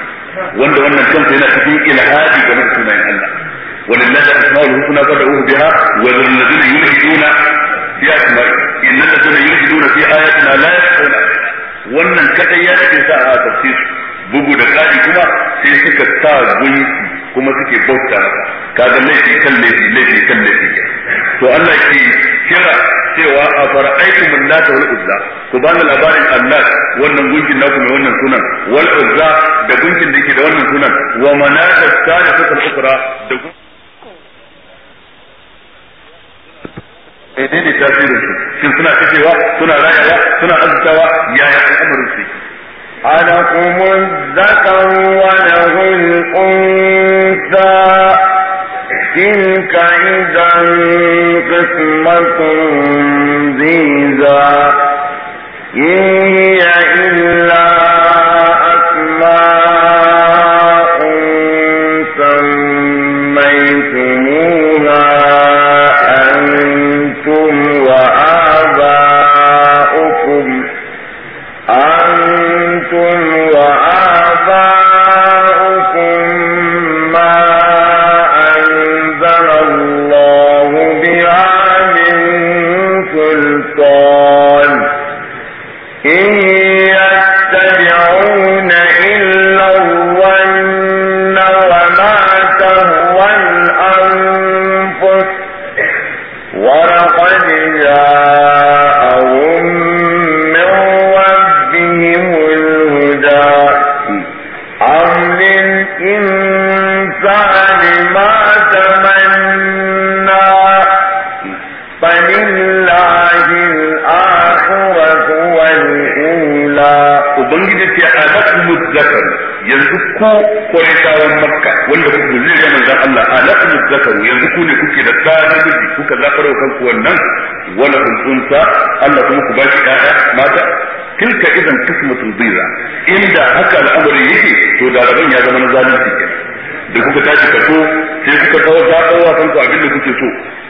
S1: wanda wannan kansa yana cikin ilhadi ga sunayen Allah ولله الاسماء الحسنى فادعوه بها وذل الذين يلحدون في اسماء ان الذين يلحدون في اياتنا لا يخفون wannan kadai ya take sa a tafsir bugu da kadi kuma sai suka sa gunki kuma suke bauta maka kaga laifi kan laifi laifi kan laifi to Allah ke kira cewa a fara fara'aikum annata wal uzza ku bani labarin annat wannan gunkin naku mai wannan sunan wal uzza da gunkin da yake da wannan sunan wa manata salatu al ukhra da ne ne tasirin su shin suna kashewa suna rayawa suna azutawa yaya al'amarin su
S3: ألكم الذكر وله الأنثى تلك إذا قسمة ضيزى إن هي
S1: mata tilka idan kismatun biza inda haka al'amari yake to da ya zama na zalunci da kuka tashi kaso sai kuka kawo ta kawo san ku abin da kuke so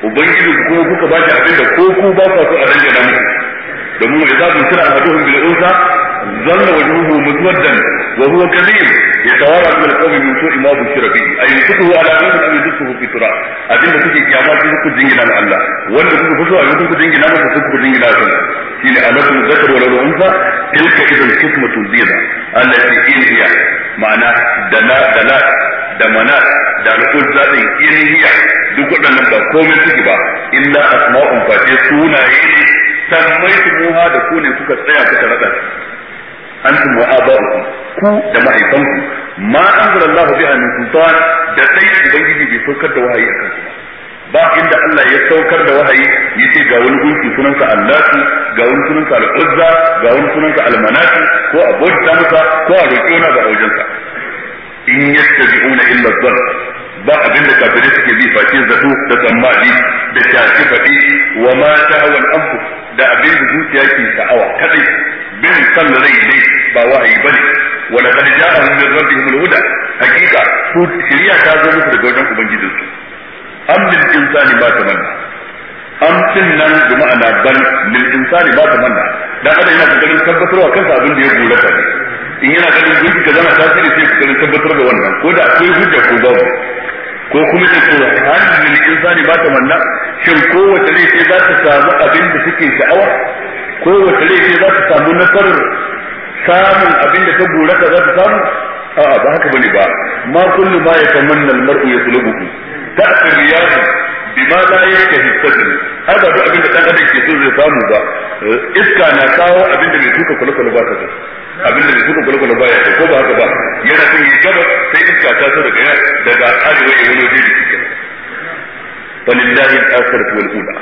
S1: ubangiji ku kuma kuka ba shi abin da ko ku ba ku so a dangana muku domin idan kun tsara hadu bil unsa ظل وجهه مسودا وهو كذيب يتوارى من القوم من سوء ما بشر به ايمسكه على غير ان يدسه في تراب abin da kuke kyama su kuka jingina na Allah wanda kuka fito abin kuka jingina masa su kuka jingina su shi ne alakum zakar wa lahu unsa tilka idan kismatu zira allati in hiya ma'ana da mana da alkul zadin in duk waɗannan ba komai suke ba illa asma'un fa sunaye ne sammai su muha da ku ne kuka tsaya kuka rada antum wa aba'ukum ku da mahaifanku ma anzalallahu biha min sultan da dai ubangiji bai saukar da wahayi akan su ba inda Allah ya saukar da wahayi ya yace ga wani gunki sunansa Allatu ga wani sunansa Al-Uzza ga wani sunansa Al-Manatu ko abota masa ko a roƙi wani ga aujensa in yattabi'una illa dhann ba abinda kafirai suke bi face zato da tsammani da shafi faɗi wa ma ta'awal anfus da abinda zuciya ke sha'awa kadai bin san rai ne ba wahayi bane wa laqad ja'ahum min rabbihim al-huda hakika su shirya ta zo musu daga wajen su. am lil insani ba ta am tin nan da ma'ana ban lil insani ta manna. dan kada yana kokarin tabbatarwa kansa abin da ya gura fa in yana ganin gunki ka zama tasiri sai kokarin tabbatar da wannan ko da akwai hujja ko babu ko kuma ko hali ne in zani ba ta manna shin kowace rai sai za ta samu abin da suke sha'awa kowace rai sai za ta samu nasarar samun abin da ta ka za ta samu a'a ba haka bane ba ma kullu ma yatamanna al-mar'u yatlubuhu ta'ti riyadu bima la yakahi sadr hada da abin da dan adam ke so zai samu ba eh, iska na kawo abin da mai tuka kulkulu ba ta abin da mai tuka kulkulu ba ya ko ba haka ba yana son yi gabas sai iska ta so daga daga arewa ya wani waje da suke. falillahi al-akhiratu wal ula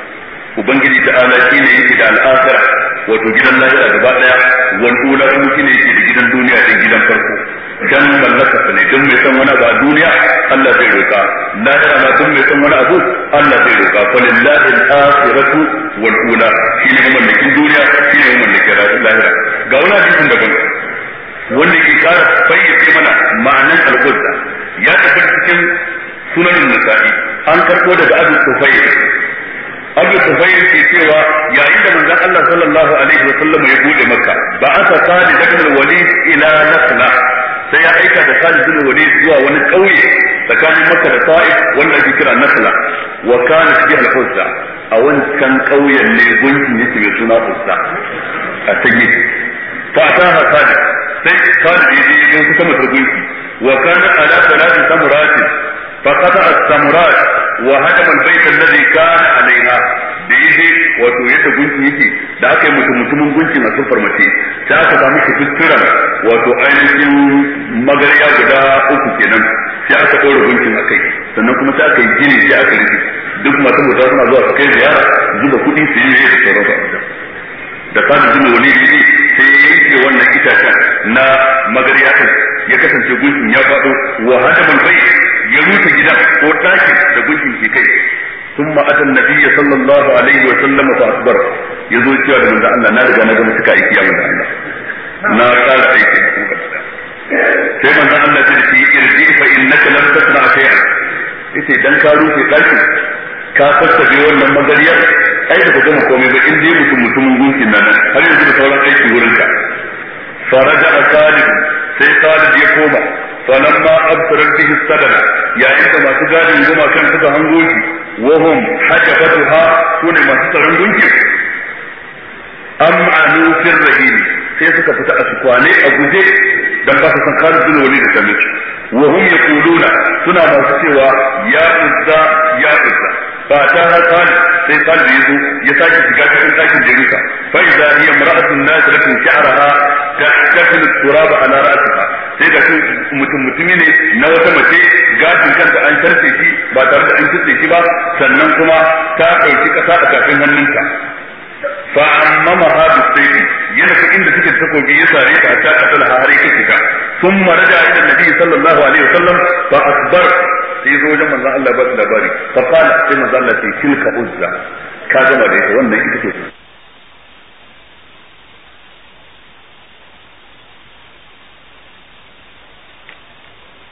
S1: ubangiji ta ala ne yake da al-akhirah wato gidan lahira gaba daya wal ula kuma ne yake da gidan duniya da gidan farko dan mallaka su ne duk mai san wani abu a duniya Allah zai roka lahira ma duk mai san wani abu Allah zai roka fa lillahi al-akhiratu wal ula shi ne mallakin duniya shi ne mallakin lahira ga wani hadisin daban wanda ke kara fayyace mana ma'anan al-qudda ya tafi cikin sunan nasa'i an karbo daga abu tufayl abu tufayl ke cewa yayin da manzon Allah sallallahu alaihi wa sallam ya bude makka ba aka sadi daga walid ila nasla sai ya aika da Khalid bin Walid zuwa wani kauye tsakanin maka da Ta'if wanda ake kira Nasla wa kana fi al-Uzza a wancan kauyen ne gunkin yake mai suna Uzza a sanye fa ta ha Khalid sai Khalid ya je ga kusa matar gunki wa kana ala salati samurati fa qata as-samurat wa hadama al-bayt alladhi kana alayha da ya je wato yadda gunki yake da aka yi mutum mutumin gunki a sun farmace da aka samu shi tutturan wato ainihin magariya guda uku kenan sai aka ɗora gunkin a kai sannan kuma sai aka yi gini sai aka rufe duk masu mutum suna zuwa su kai ziyara zuba kuɗi su yi da sauransu a da sadu wani ne sai ya yanke wannan itacen na magariya ɗin ya kasance gunkin ya faɗo wa hada bai ya rufe gidan ko ɗakin da gunkin ke kai ثم أتى النبي صلى الله عليه وسلم فأخبره يزوج cewa da manzo Allah na riga na gama suka aiki ya manzo Allah na kara aiki sai manzo Allah ya ce irji fa innaka lam tasna shay'an yace dan ka rufe kaki ka sassabe wannan magariya ai da kuma komai ba in dai mutum mutumin gunkin nan har yanzu da sauran aiki wurin ka faraja salih sai salih ya koma falamma absarat bihi sadana ya inda masu gadin goma kan suka hango shi وهم حجبتها سوني sune masu gunkin am anu fir rahim sai suka fita a tukwane a guje dan ba su san Khalid da sami wa hum yaquluna suna masu cewa ya uzza ya uzza fa ta Khalid sai Khalid yazo ya sake shiga cikin dakin Jerika fa idza hiya imra'atun nasratun sha'raha tahtafilu turaba ala ra'siha sai ga shi mutum mutumi ne na wata mace gashin kanta an tarce shi ba tare da an kitse shi ba sannan kuma ta ɗauki ƙasa a kafin hannunta fa amma mahadu sai Yana nufi inda suke takobi ya sare ta ta kasal har ya kace ka sun maraja ila nabi sallallahu alaihi wasallam fa akbar sai zo wajen manzon Allah ba labari fa qala sai manzon Allah sai tilka uzza ka gama da ita wannan ita ce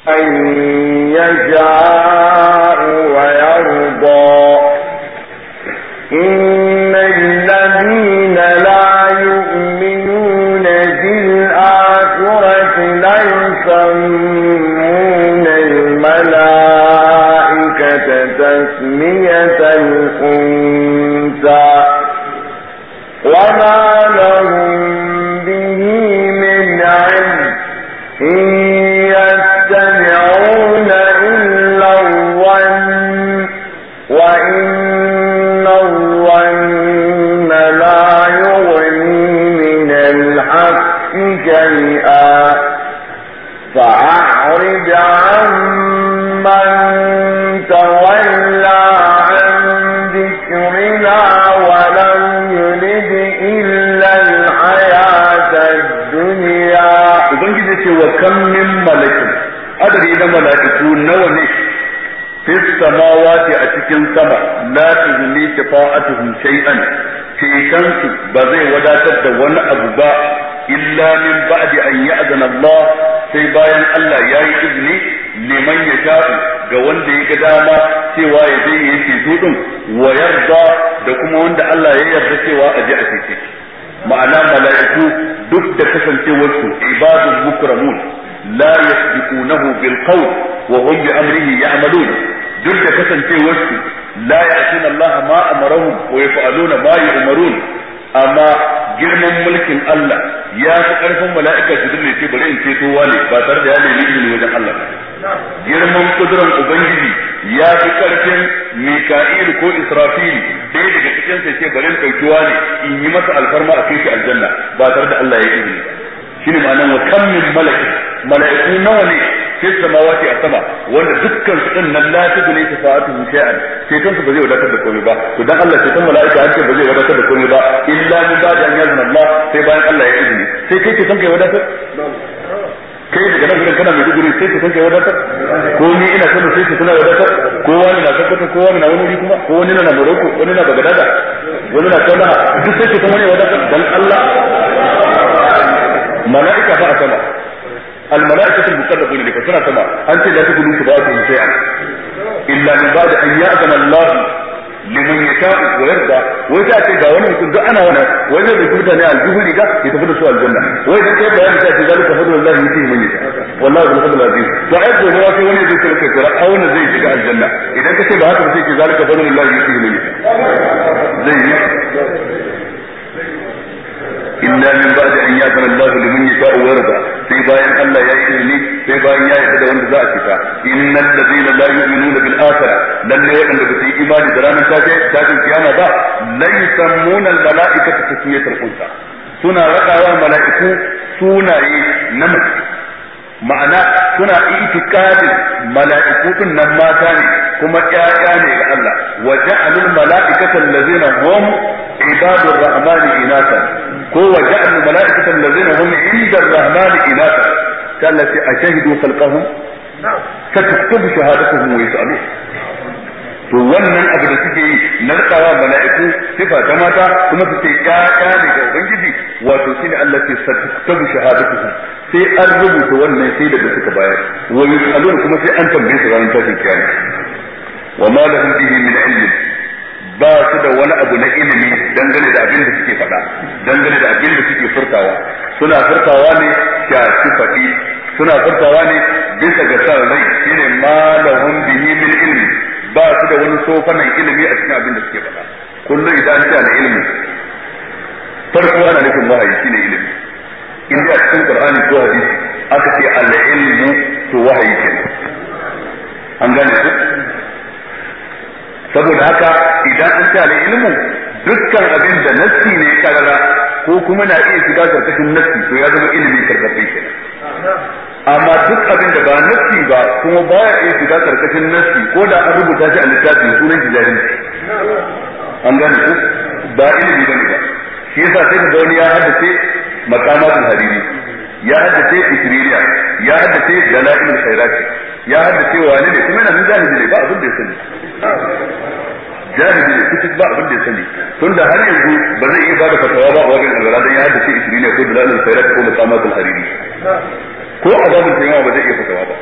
S3: أن يجعل
S1: wadatar da wani abu ba illa min ba'di an ya'zana Allah sai bayan Allah ya yi izini liman ya shafi ga wanda ya ga dama cewa ya je ya yi din wa yarda da kuma wanda Allah ya yarda cewa a je a cece ma'ana mala'iku duk da kasancewarsu ibadul mukramun la yasbiqunahu bil qawl wa hum bi amrihi ya'malun duk da kasancewarsu la ya'tuna Allah ma amarahum wa yaf'aluna ma yu'marun amma girman mulkin Allah ya fi karfin mala'ika su dinne ce bari in ceto wani ba tare da ya nemi izini wajen Allah girman kudurar ubangiji ya fi karfin mika'il ko israfil ɗaya daga cikin sai ce bari in ɗauki wani in yi masa alfarma a kai aljanna ba tare da Allah ya izini shine ma'anar wa kam min mala'iku nawa ne fi samawati a sama wanda dukkan su din nan la tuguni shafa'atuhum shay'an sai kan su ba zai wadatar da komai ba to dan Allah sai kan mala'ika an ce ba zai wadatar da komai ba illa min ba'da an yazna Allah sai bayan Allah ya izini sai kai ke san kai wadatar kai daga nan gidan kana mai digiri sai ka san kai wadatar ko ni ina sanin sai ka tana wadatar Ko wani na ka tabbata ko wani na wani wuri kuma ko wani na Morocco wani na Baghdad wani na Kano duk sai ka san wani wadatar dan Allah mala'ika fa a sama الملائكه المكلفون اللي فسرها كما انت لا تقولون كبارهم شيئا الا من بعد ان ياذن الله
S4: لمن يشاء
S1: ويرضى واذا اتى بعون يكون انا وانا واذا يكون انا الجهل يجا يتفضل سوى الجنه واذا اتى بعون يشاء في ذلك فضل الله يؤتيه من يشاء والله ذو الفضل العظيم فعز الله في وين يجي تلك الكره او ان زي يجا الجنه اذا اتى بعون يشاء في ذلك فضل الله يؤتيه
S2: من يشاء زي Inna min ba'di
S1: an ya'tana Allahu liman yasha'u wa yarda sai bayan Allah ya yi izini sai bayan ya yarda da wanda za a cika innal ladina la yu'minuna bil akhirah lalle wanda ba su yi imani da ranar tashi tashin kiyama ba lan yusammuna al mala'ikata tasmiyatul unsa suna raƙawa mala'iku sunaye na mace ma'ana suna itikadin mala'iku din nan mata ne kuma ƴaƴa ne ga Allah wa ja'alul mala'ikata allazina hum ibadur rahmani inatan ko wa ja'al malaikatan allazina hum inda ar-rahmani inatha kallati ashahidu khalqahum sataktubu shahadatuhum to wannan abu da suke yi na rikawa mala'iku sifa ta mata kuma suke ce ƴaƴa ne ga ubangiji wato shine Allah ke tabu shahadatuhu sai an rubuta wannan sai da suka bayar wa yusalun kuma sai an tambaye su ranar tashin kiyama wa ma lahum bihi min ilmin ba su da wani abu na ilimi dangane da abin da suke faɗa dangane da abin da suke furtawa suna furtawa ne su faɗi suna furtawa ne bisa ga san rai shine malahun bihi min ilmi ba su da wani sofanan ilimi a cikin abin da suke faɗa kullum idan ta da ilimi farko ana nufin wahayi shine ilimi in a cikin qur'ani ko hadisi aka ce al ilmu to wahayi kenan an gane ku saboda haka idan an ce al-ilmu dukkan abin da nassi ne karara ko kuma na iya shiga karkashin nassi to ya zama ilimi karkashin shi amma duk abin da ba nassi ba kuma baya iya shiga karkashin nassi ko da an rubuta shi a littafi sunan shi jahilci an gane ku ba ilimi bane ba shi yasa sai ka ga wani ya haddace makamatul hadidi ya haddace ikriya ya haddace jala'il khairati ya haddace wani ne kuma yana nan jahili ne ba abin da ya
S2: sani
S1: jahili ne kuci ba abin da ya sani tun da har yanzu ba zai iya bada fatawa ba a wajen alwala dan ya haddace ishirin ne ko dalalul khairat ko mutamatul hariri ko azabul tayyiba ba zai iya fatawa ba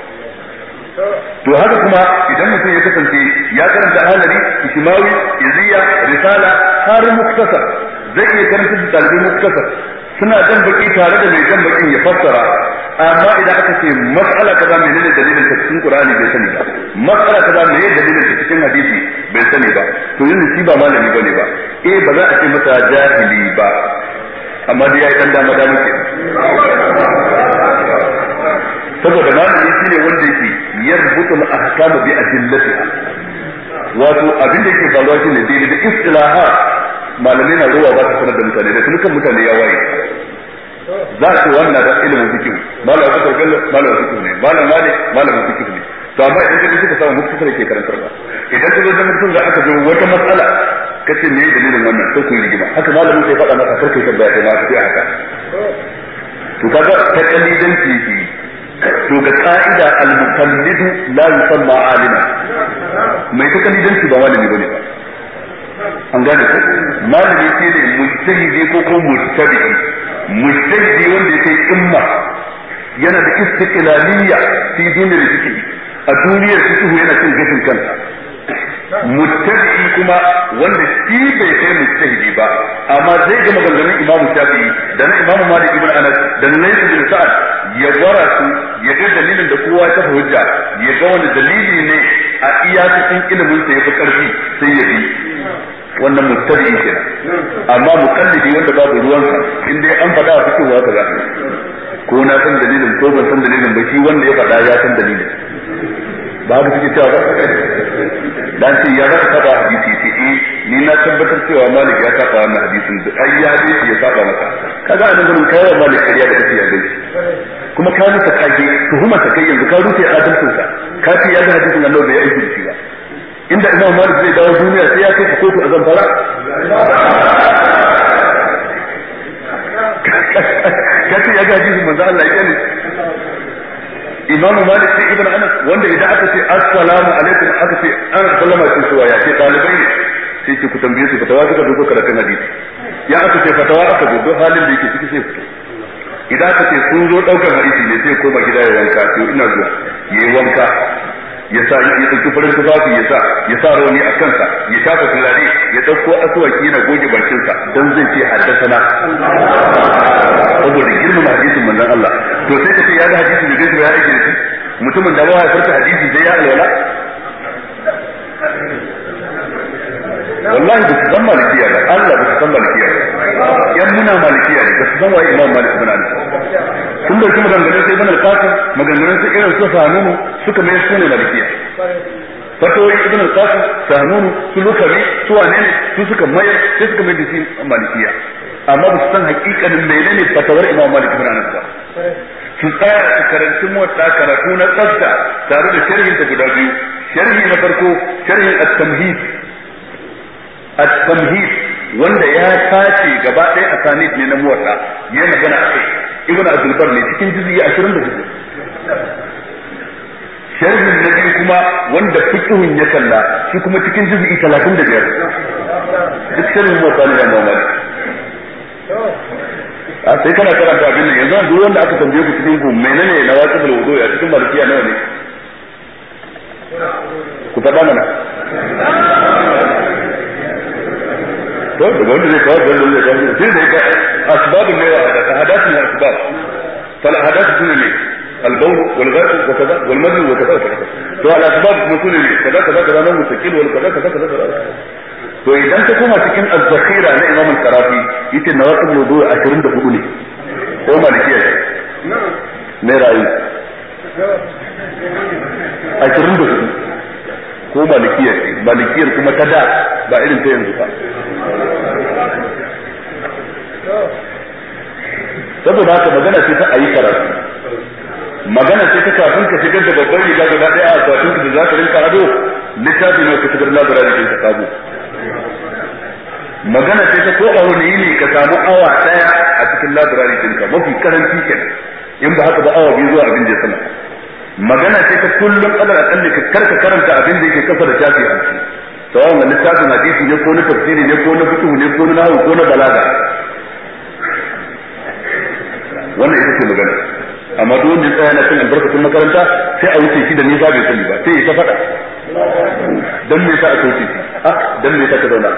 S1: to haka kuma idan mutum ya kasance ya karanta halari ishimawi iziya risala har muktasar zai iya karanta da dalibai muktasar suna jan baki tare da mai jan bakin ya fassara amma idan aka ce mas'ala zama menene dalilin ta cikin Qur'ani bai sani ba mas'ala zama menene dalilin ta cikin hadisi bai sani ba to yin shi ba malami bane ba eh ba za a ce masa jahili ba amma dai yayi dan dama dama ke saboda malami ne wanda yake yarbutu al-ahkam bi adillatiha wato abin da yake faruwa ne daidai da istilaha malamai na ruwa ba ta sanar da mutane da kuma kan mutane ya waye za su wannan da ilimin fikihu malam abubakar gallo malam fikihu ne malam malik malam fikihu ne to amma idan kaje suka samu muktasar ke ba. idan kaje da mutum da aka zo wata matsala kace me dalilin wannan sai ku yi rigima haka malamin sai faɗa maka farko sai baya ma sai haka to kaga ta kalidan ki to ga ka'ida al-musallidu la yusamma alima mai ta kalidan ba malami bane ba an gane ko malami sai ne mujtahidi ko ko mujtabi mujtahidi wanda yake imma yana da istiqlaliyya fi dinin fiqh a duniyar su su yana cin gashin kansa muttabi kuma wanda shi bai kai mujtahidi ba amma zai ga maganganun imamu shafi'i da na imamu malik ibn anas da na laysa bin sa'ad ya gwara su ya ga dalilin da kowa ta hujja ya ga wani dalili ne a iya cikin ilimin sa fi karfi sai ya bi wannan ke nan amma mukallidi wanda babu sa in dai an faɗa a cikin wata za ko na san dalilin ko ban san dalilin ba shi wanda ya faɗa ya san dalilin ba haka suke cewa ba dan ce ya zaka saba hadisi ce eh ni na tabbatar cewa malik ya saba wannan hadisin da ai ya hadisi ya saba maka kaga anan gurin kawai malik kariya da kake yarda kuma ka mutu kage tuhuma ta kai yanzu ka rufe adalcin ka ka ce ya ga hadisin annabi bai aiki da shi ba inda imam malik zai dawo duniya sai ya kai ka kotu a zamfara
S2: kace ya ga hadisin manzo Allah ya ne imam malik sai ibn anas wanda idan aka ce assalamu alaikum
S1: aka ce an sallama ku suwa ya ce dalibai ne sai ce ku tambaye su fatawa suka dubo karatun hadisi ya aka ce fatawa aka dubo halin da yake ciki sai fito idan aka ce sun zo daukar hadisi ne sai koma gida ya wanka to ina zuwa yayi wanka ya sa ya dauki farin tufafi ya sa ya sa rauni a kansa ya shafa turare ya dauko aswaki yana goge bakinsa dan zai ce haddasana saboda girman hadisin manzon Allah to sai ka ce ya ga hadisi da gaskiya ya aike mutumin da ba ya farka hadisi zai ya alwala
S2: wallahi ba su san malikiya ba Allah ba su san malikiya
S1: ba yan muna malikiya ne ba su san waye imam malik bin anas sun dauki maganganun sai ibn al-qasim maganganun sai irin su sanunu suka mai sune malikiya fatoyi ibn al-qasim sanunu su lukari su wane ne su suka mayar sai suka mai da shi malikiya amma ba su san hakikanin menene fatawar imam malik bin anas ba su tsaya su karanci motsa karatu na tsafta tare da sharhin ta guda biyu sharhi na farko sharhin at-tamhid at-tamhid wanda ya tace gaba ɗaya a sanid ne na muwatta ya magana a kai ibn abdul bar ne cikin juz'i 24 sharhin na biyu kuma wanda fiqhun ya kalla shi kuma cikin juz'i 35
S2: duk sharhin muwatta ne da muhammad
S1: a sai kana karanta abin nan yanzu duk wanda aka tambaye ku cikin ku menene na wajibul wudu a cikin malikiya nawa ne ku faɗa mana
S2: طيب وين اللي قال قال
S1: فين اللي قال اسباب الميراث اهداف من الاسباب فالاهداف تكون ليه؟ البول والغث وكذا والمجن وكذا وكذا فالاسباب تكون ليه؟ كذا كذا كذا نوم السكين ولا كذا كذا كذا كذا فاذا انت كنت سكين الذخيره لامام الكرافي يجي النواقب الوضوء 20 دقيقه لي
S2: هو مالكيه نعم ما رايك؟ 20 نعم. دقيقه ko malikiya ce malikiyar kuma ta da ba irin ta yanzu ba saboda haka magana ce ta ayi karatu
S1: magana ce ta kafin ka shigar da babban riga guda ɗaya a kafin ka da za ka rinka ado littafi ne ka shigar lazara jikin ka sabo magana ce ta ko a wani yini ka samu awa ɗaya a cikin lazara ɗinka ka mafi karanci kenan in ba haka ba awa biyu zuwa abin da ya sanar magana ce ta kullum alal akalli ka karka karanta abin da yake kasa da tafi hamsin sawan wani tafin hadisi ne ko na tafsiri ne ko na fitu ne ko na nahu ko na balaga
S2: wannan ita ce magana amma duk wanda ya tsaya
S1: na kan albarkatun makaranta sai a wuce shi da nisa bai sani ba sai ya ta faɗa dan me yasa a kauce shi ah dan me yasa ka zauna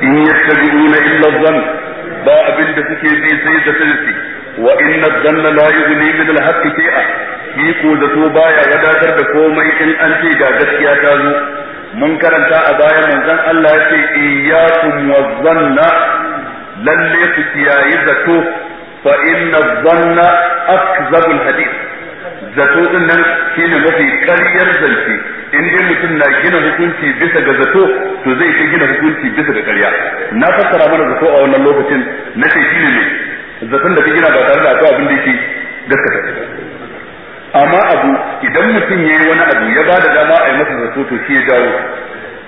S1: in yastabi'una illa dhann ba abin da suke bi sai da sirri wa inna dhanna la yughni min al-haqqi shay'a shi ko da to baya wadatar da komai in an ce ga gaskiya ta zo mun karanta a baya manzon Allah ya ce iyyakum wa dhanna lalle ku kiyaye zato fa inna dhanna akzabul hadith zato din nan shine mafi ƙaryar zance in dai mutum na gina hukunci bisa ga zato to zai ke gina hukunci bisa ga karya na fassara mana zato a wannan lokacin na ce shi ne zaton da ka gina ba tare da akwai abin da yake gaskata amma abu idan mutum ya yi wani abu ya ba da dama a yi masa zato to shi ya jawo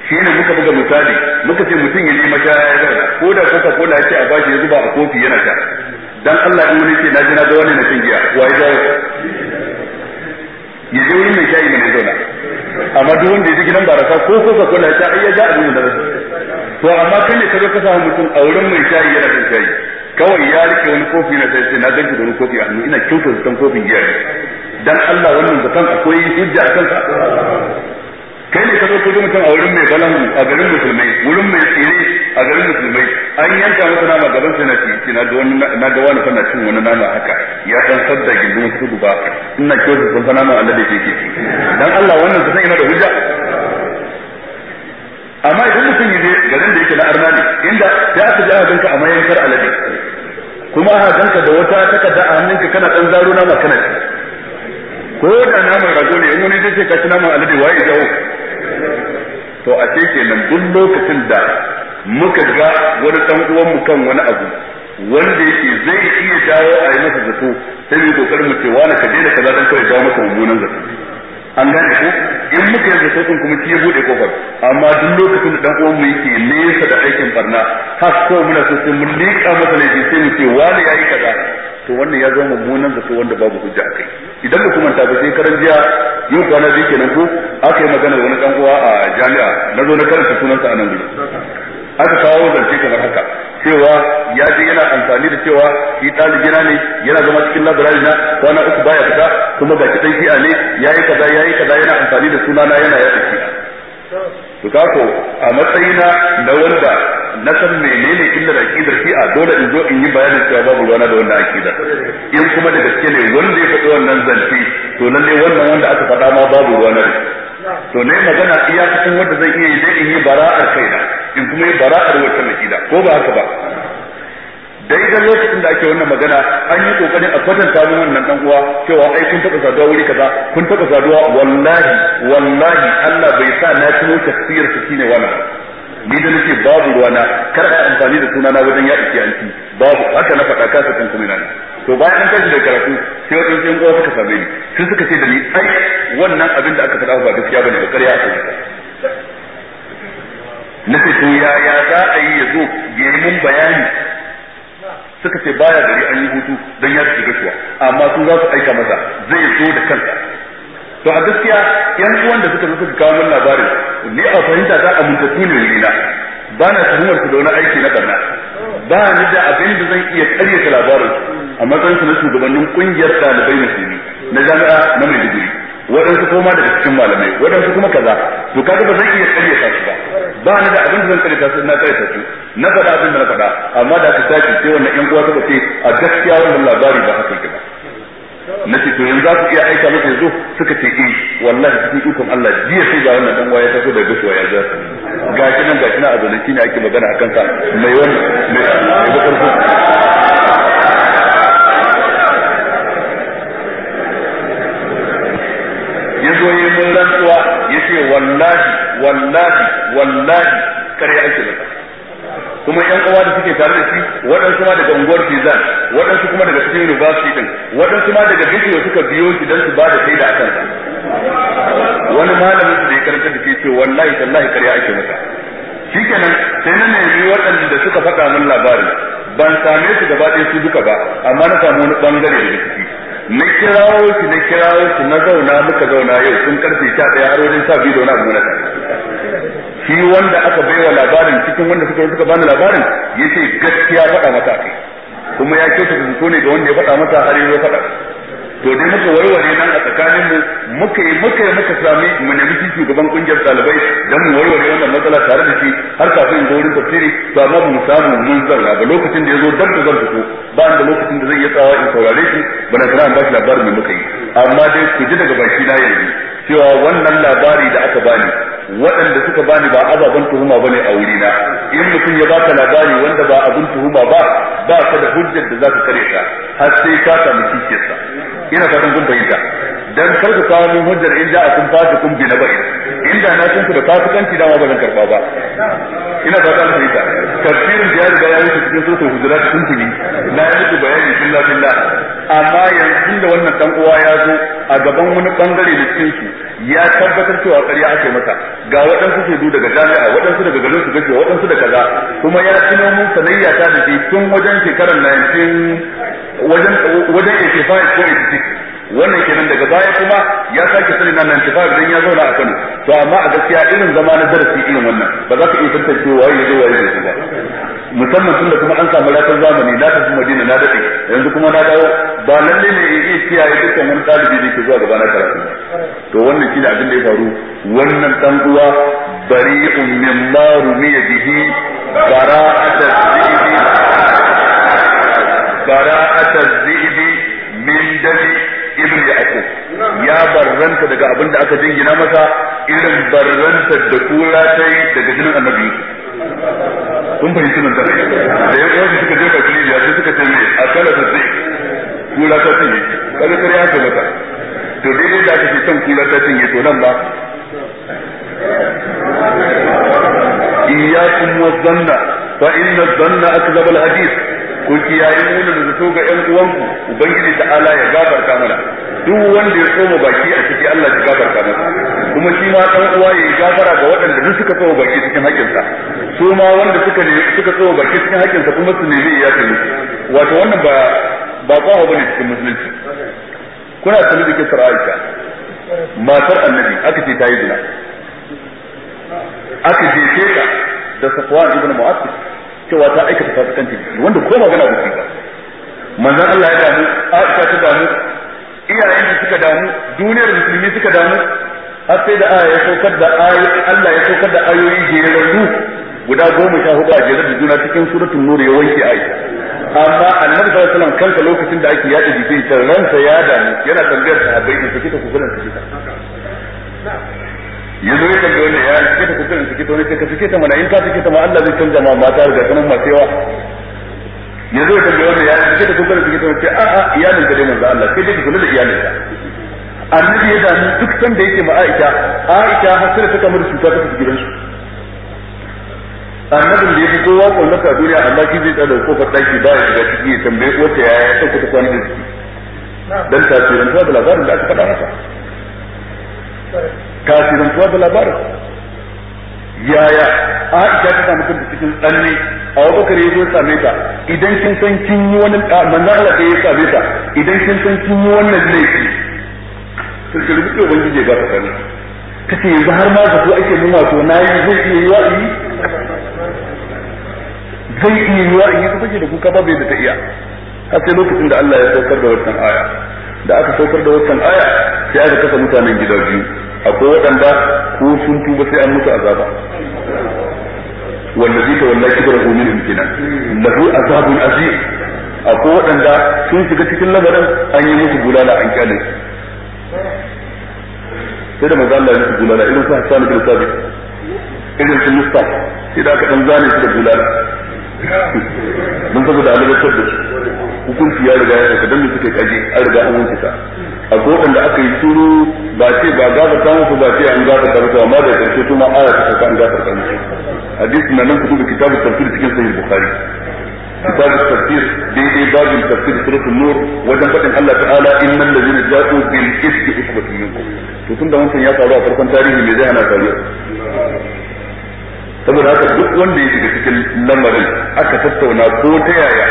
S1: shi ne muka buga misali muka ce mutum ya nema shaya ya zara ko da kuka ko da ce a bashi ya zuba a kofi yana sha dan Allah in wani ce na ji na ga wani na shan giya wa ya jawo ya je wurin mai shayi mai zauna amma duk wanda ya ji gidan barasa ko ko ka kula ta ayya da abin da to amma kan ne kaje ka samu mutum a wurin mai shayi yana da shayi kawai ya rike wani kofi na sai na danki da wani kofi a hannu ina kyautar san kofin giya dan Allah wannan zakan akwai hujja akan sa kai ne ka zo kudi mutum a wurin mai balangu a garin musulmai wurin mai tsere a garin musulmai an yanka masa nama gaban sai na ci na ga wani na ga wani fana cin wani nama haka ya san sadda gindin kudu ba ina kiyo su sun nama Allah da ke ci dan Allah wannan san yana da hujja amma idan mutum yaje garin da yake na arna ne inda sai aka ji ahadinka a mayan a alade kuma aka ganka da wata takarda a hannunka kana dan zaro nama kana ci ko da naman rago ne in wani zai ce ka ci naman alade waye jawo to a ce kenan duk lokacin da muka ga wani dan uwan mu kan wani abu wanda yake zai iya dawo a yi masa zato sai mu kokarin mu ce wani ka daina kaza dan kawai dawo masa mummunan zato an gane ko in muka yi zato kun kuma ya bude kofar amma duk lokacin da dan uwan mu yake nesa da aikin barna har ko muna so sai mun leka masa laifi sai mu ce wani yayi kaza to wannan ya zama mummunan zato wanda babu hujja kai idan ba kuma ta ba sai karan jiya yau kwana biyu kenan ko aka yi magana wani dan uwa a jami'a na zo na karanta sunansa a nan gudu aka kawo zance kamar haka cewa ya je yana amfani da cewa shi gina ne yana zama cikin labirari na kwana uku baya fita kuma ga kiɗan a ne ya yi kaza ya yi kaza yana amfani da suna na yana yaɗa to kako a matsayina na wanda na san menene illar fi a dole in zo in yi bayanin cewa babu ruwana da wanda akida in kuma da gaske ne wanda ya faɗi wannan zance to lalle wannan wanda aka faɗa ma babu ruwana to ne magana iya cikin wanda zai iya yi zai in yi bara'ar kaina in kuma yi bara'ar wata makida ko ba haka ba da idan lokacin da ake wannan magana an yi kokarin a kwatanta min wannan dan uwa cewa ai kun taba saduwa wuri kaza kun taba saduwa wallahi wallahi Allah bai sa na tuno tafsir su shine wannan ni da nake babu ruwana kar ka amfani da sunana wajen ya iki anti babu haka na faɗa kasa kan kuma nan to bayan an tashi da karatu sai wajen yan uwa suka same ni sai suka ce da ni ai wannan abin da aka faɗa ba gaskiya bane ba ƙarya aka na ce to ya ya za a yi ya zo ya mun bayani suka ce baya gari an yi hutu don ya tafi gaskiya amma su za su aika masa zai zo da kanta. to a gaskiya yan uwan da suka zo suka kawo min labarin ni a fahimta ta amintattu ne na ba na tuhumar su da wani aiki na karna ba ni da abin da zan iya karyata labarin a matsayin su na shugabannin kungiyar ɗalibai musulmi na jami'a na mai digiri waɗansu koma daga cikin malamai waɗansu kuma kaza to kaga ba zan iya karyata su ba ba ni da abin da zan kare ta na kare ta na faɗa abin da na faɗa amma da aka sake sai wannan ƴan uwa suka ce a gaskiya wannan labari ba haka yake ba na ce to yanzu za su iya aika muku yanzu suka ce eh wallahi cikin ikon Allah jiya sai ga wannan dan waya ta so da gaskiya ya ja ga shi nan ga shi nan a zalunci ne ake magana akan sa mai wani mai bakar ya zo mun rantsuwa ya ce wallahi wallahi wallahi kare ake masa kuma yan uwa da suke tare da shi waɗansu ma daga unguwar Tizan waɗansu kuma daga cikin university din waɗansu ma daga Bidiyo suka biyo shi don su ba da akan sa wani malamin su da ya karanta da ke ce wallahi wallahi kare ake masa shikenan sai na nemi waɗanda suka faɗa min labarin ban same su gaba ɗaya su duka ba amma na samu wani bangare da ciki na kirawo shi na kirawo shi na zauna muka zauna yau sun karfe sha ɗaya har wajen sha biyu da a gona na shi wanda aka baiwa labarin cikin wanda suka suka bani labarin ya ce gaskiya faɗa mata kai kuma ya kyauta su ne ga wanda ya faɗa mata har ya faɗa to dai muka warware nan a tsakanin mu muka yi muka muka sami mu nemi shi shugaban kungiyar ɗalibai dan mu warware wannan matsala tare da shi har kafin in zo wurin tafsiri to amma mu samu mun zarra ba lokacin da ya zo dan da zan fito ba da lokacin da zai iya tsawa in saurare shi bana na an ba shi labarin mai muka yi amma dai ku ji daga baki na yanzu cewa wannan labari da aka bani waɗanda suka bani ba ababen tuhuma bane a wurina in mutum ya baka labari wanda ba abin tuhuma ba ba ka da hujjar da za ka kare ka har sai ka samu kishiyarsa ina fatan kun bayyana dan kar ku kawo min hujjar in ja'a kun fata kun bi na bai inda na san ku da fasikanci dama ba zan karba ba
S2: ina fatan kun bayyana
S1: tafsirin da ya riga ya wuce cikin sosai hujurat sun tuni na yi muku bayani billa billa amma yanzu da wannan dan uwa ya zo a gaban wani bangare da cikin su ya tabbatar cewa ƙarya ake masa, ga waɗansu du daga jami'a waɗansu daga garin su gaje waɗansu da kaza kuma ya tuno mun sanayya ta da tun wajen shekarar 19 wajen wajen intifa'i ko wannan kenan daga baya kuma ya sake sanin nan intifa'i idan ya zauna a Kano to amma a gaskiya irin zama na darasi irin wannan ba za ka iya tantance waye ya zo waye ya ba musamman tunda kuma an samu latar zamani na tafi Madina na dade yanzu kuma na dawo ba lalle ne ya iya kiyaye dukkan wani ɗalibi da ke zuwa gaba na karatu to wannan shine abin da ya faru wannan dan uwa bari'un min marumiyatihi bihi bihi bara'at az-zi'b min dami ibn yaqub ya barranta daga abin da aka jingina masa irin barranta da kura tai daga jinin annabi kun fahimci nan da da ya kwashi suka je kafin ya ji suka ce a kala ta zai kura ta cinye kada kare ya mata to dai da aka ce san kura ta cinye to nan ba إياكم والظن فإن الظن أكذب hadith ku kiyaye da zato ga ƴan uwanku ubangiji Ala ya gafarta mana duk wanda ya tsoma baki a ciki Allah ya gafarta masa kuma shi ma dan uwa ya gafara ga waɗanda duk suka tsoma baki cikin hakinsa su ma wanda suka ne suka tsoma baki cikin hakinsa kuma su nemi ta ne wato wannan ba ba kwaho bane cikin musulunci kuna sanin da kisar Aisha matar annabi aka ce ta yi zina aka je ta da Safwan ibn Mu'azzib cewa ta aikata fasikanci wanda ko magana ba su ba manzon Allah ya damu Aisha ta damu iyayen su suka damu duniyar musulmi suka damu har sai da aya ya saukar da ayoyi Allah ya saukar da ayoyi ruhu guda goma sha hudu a jerar da juna cikin suratul nur ya wanke Aisha amma annabi sallallahu alaihi wasallam kansa lokacin da ake yada jikin ransa ya damu yana tambayar sahabbai in kike ku gurin kike
S2: yanzu ya tambaye wanda ya sake
S1: ta kusurin suke ta wani sai ka suke ta mana in ka suke ta ma Allah zai canza ma mata da kanin masu yawa ya zo ya tambaye wanda ya sake ta kusurin suke ta wani a a'a iyalin ka dai manzo Allah sai dai ka kula da iyalin ka annabi ya dami duk san da yake ma Aisha Aisha har sai ta kamar cuta ta tafi gidansu annabi da ya fi kowa kullaka a duniya Allah shi zai tsada ko daki ba ya shiga ciki ya tambaye wata yaya ya sauka ta kwana da ciki
S2: dan tasirin
S1: ta da labarin da aka faɗa masa tasirin kuwa da labarin yaya Aisha ta samu kanta cikin tsanne a Bakar kare zo same ta idan kin san kin yi wani manzo Allah ya same ta idan kin san kin yi wannan laifi to ki rubuce ubangiji ba ta sani kace yanzu har ma zato ake nuna to nayi zai iya yi wa'i
S2: zai iya yi wa'i ko take da
S1: kuka ba bai da ta iya har sai lokacin da Allah ya saukar da wannan aya da aka saukar da wannan aya sai aka kasa mutanen gida biyu akwai waɗanda ko sun tuba sai an musu azaba wallazi ta wallahi kibra umin kina lahu azabun azim akwai waɗanda sun shiga cikin lamarin an yi musu gulala an kyale sai da maza Allah ya musu bulala irin su Hassan bin sabi irin su musta sai da aka ɗan zane su da gulala, mun saboda Allah ya tabbata hukunci ya riga ya sauka dan suke kaji an riga an wanke ta a kodan da aka yi turu ba ce ba gafa ta musu ba ce an gafa ta musu amma da karshe tuma aya ta sauka an gafa ta musu hadisi na nan kudu da kitabu tafsir cikin sahih bukhari كتاب التفسير دي دي باب التفسير سورة النور وجن فتن الله تعالى إن الذين جاءوا بالإفك عصبة منكم to tunda wancan ya faru a farkon tarihi me zai hana faruwa saboda haka duk wanda ya shiga cikin lamarin aka tattauna ko ta yaya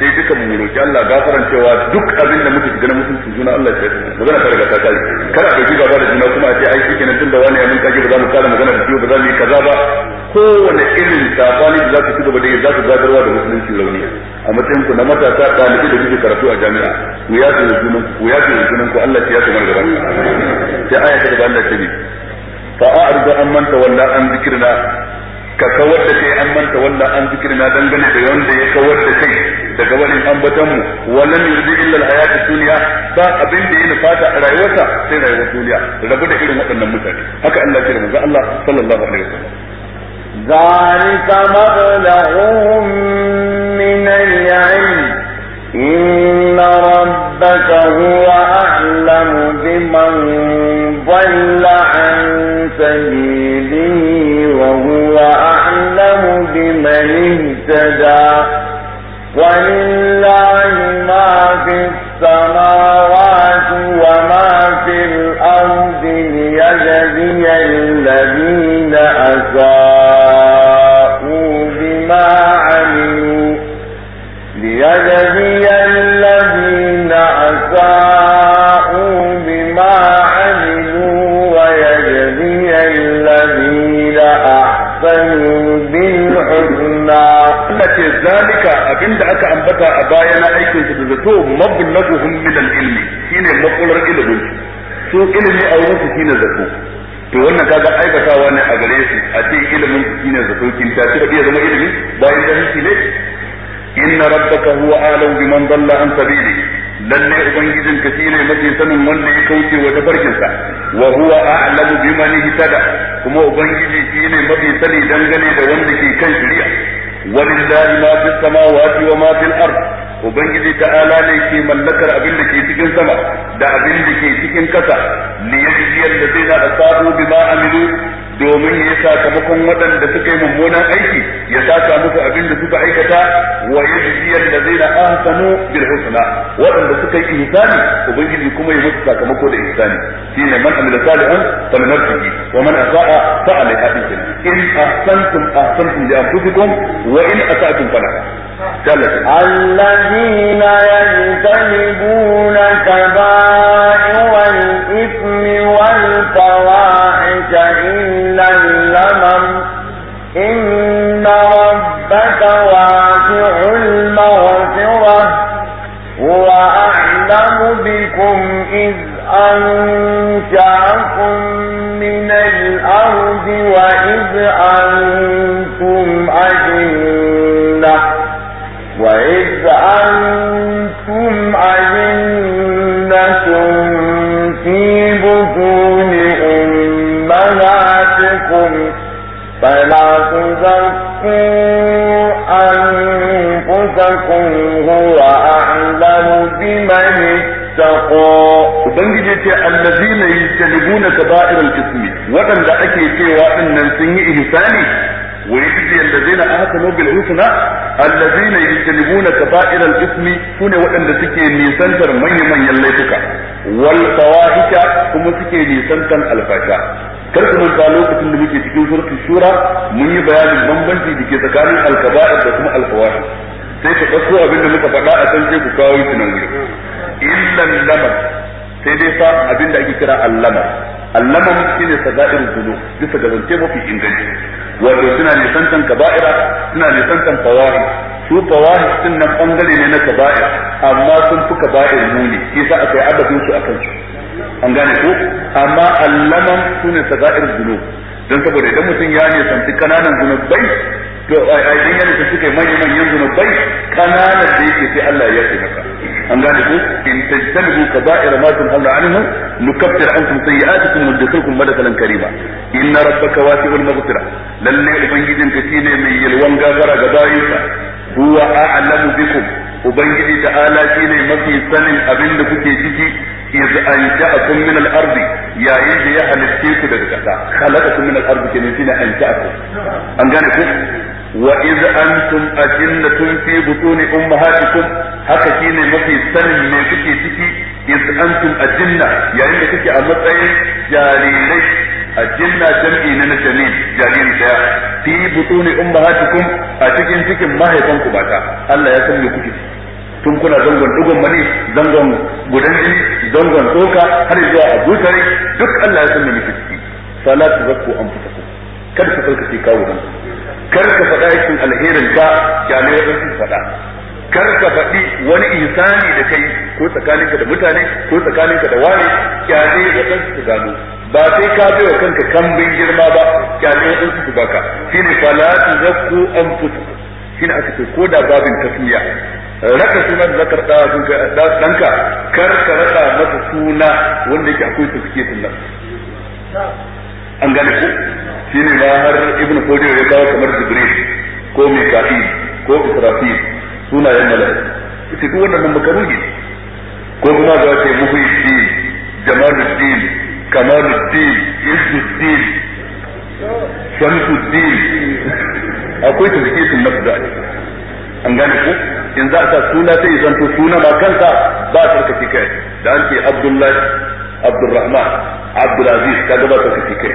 S1: sai duka mu roki Allah gafaran cewa duk abin da muke gina mutunci juna Allah ya tsare magana ta riga ta kai kada ka ji gaba da juna kuma a ce ai shi kenan tunda wani ya mun kage ba za mu kare magana da shi ba za mu yi kaza ba kowane irin sabani da zaka ci gaba da yi za ka zagarwa da musulunci rauni a matsayin ku na matasa ɗalibi da kuke karatu a jami'a ku ya tsare junan ku ya tsare junan ku Allah ya tsare gaban sai aya ta gaba Allah ta bi fa a an manta tawalla an zikrina ka kawar da kai an manta wanda an na dangane da wanda ya kawar da kai daga wani ambatanmu wannan yanzu illa alhayat duniya ba abin da yana fata a rayuwarsa sai rayuwar duniya rabu da irin waɗannan mutane haka Allah ya manzo Allah sallallahu alaihi wasallam
S3: ذلك مبلغهم من العلم إن ربك هو أعلم بمن ضل عن سبيله اهتدى وإن
S1: ce zalika abinda aka ambata a baya na aikin su da zato mablaguhum min al-ilmi shine makular ilimin su ilimi a wurin su shine zato to wannan kaga aibatawa ne a gare su a ce ilimin su shine zato kin ta ci da bai zama ilimi bayan da shi ne inna rabbaka huwa alam biman dalla an sabili lalle ubangijin ka shine mafi sanin wanda ya kauce wa tafarkin sa wa huwa a'lamu biman ihtada kuma ubangiji shine mafi sani dangane da wanda ke kan shari'a walillahi ma fi samawati wa ma fil ard ubangiji ta'ala ne ke mallakar abin da ke cikin sama da abin da ke cikin kasa liyajiyar da zai da asabu bima amilu domin ya sakamakon waɗanda suka yi mummunan aiki ya saka musu abin da suka aikata wa yajzi allazina ahsanu bil husna waɗanda suka yi ihsani ubangiji kuma ya musu sakamako da ihsani shine man amila salihan fal nafsihi wa man asaa fa alaiha bihi in ahsantum ahsantum li anfusikum wa in asa'tum falaha
S3: الذين يجتنبون كبائر أنشأكم من الأرض وإذ أنتم أجنة
S1: وإذ
S3: أنتم أجنة في بطون أمهاتكم فلا تزكوا أنفسكم
S1: هو أعلم بمن اتقى ubangiji ce allazina yajtanibuna kaba'ir al-ithmi wadanda ake cewa annan sun yi ihsani wa yajzi allazina ahsanu bil husna allazina yajtanibuna kaba'ir al-ithmi sune wadanda suke nisantar manyan manyan laifuka wal fawahisha kuma suke nisantar alfasha kar ku manta lokacin da muke cikin suratul shura mun yi bayanin bambanci da ke tsakanin al-kaba'ir da kuma al-fawahish sai ka ɗauko abin da muka faɗa a can sai ku kawo shi nan wurin illan lamar sai dai sa abinda ake kira allama allaman ne sagair zulu bisa ga zance mafi inganci wato suna nisantan kaba'ira suna nisantan fawahi su fawahi din nan bangare ne na kaba'ir amma sun fi kaba'ir muni shi sa aka yi adadin su akan su an gane ko amma allaman ne sagair zulu don saboda idan mutum ya nisanci kananan zunubai idan ya nufi suka yi yanzu na bai. kananan da yake sai Allah ya yafe maka an gane ku in tajtanibu kaba'ira ma tunhauna anhu nukaffir ankum sayyi'atikum wa nudkhilukum madkhalan karima inna rabbaka wasi'ul maghfira lalle ubangijinka ne mai yalwan gafara ga bayinsa huwa a'lamu bikum ubangiji ta'ala shine mafi sanin abin da kuke ciki iz anja'akum min al-ard ya da ya halitte ku daga kasa khalaqakum min al-ard kenan shine anja'akum an gane ku وإذ أنتم أجنة في بطون أمهاتكم حتى shine mafi sanin من ke ciki iz أنتم ajinna يعني kuke a matsayin jarirai ajinna jam'i na najamin jarir daya fi butuni ummahatikum a cikin cikin mahaifanku ألا Allah ya tun kuna zangon dugun mani zangon gudan jini zangon tsoka har zuwa a butare duk Allah ya san me kuke ciki fala tuzakku anfusakum kada ku tsarkake kawo nan. kar ka faɗa aikin alherin ka kyale waɗansu faɗa kar ka faɗi wani insani da kai ko tsakaninka da mutane ko tsakaninka da wani kyale waɗansu su gano ba sai ka bai wa kanka kambin girma ba kyale waɗansu su baka shine zakku an anfusakum shine aka ce ko da babin tasmiya raka sunan zakar da sun kai danka kar ka raka masa suna wanda yake akwai tafsir nan an gane ku shine ma har ibn Fodiyar ya kawo kamar Jibril ko Mika'il ko Israfil sunayen mala'iku ita duk wannan makaru ne ko kuma za ta yi muhimmi jamaluddin kamaluddin izzuddin shamsuddin akwai ta tarkisin nafda an gane ku in za a sa suna sai zanto suna ma kanta ba a tarkace kai da an ce abdullahi Abdulrahman Abdulaziz ka gabata ka fi kai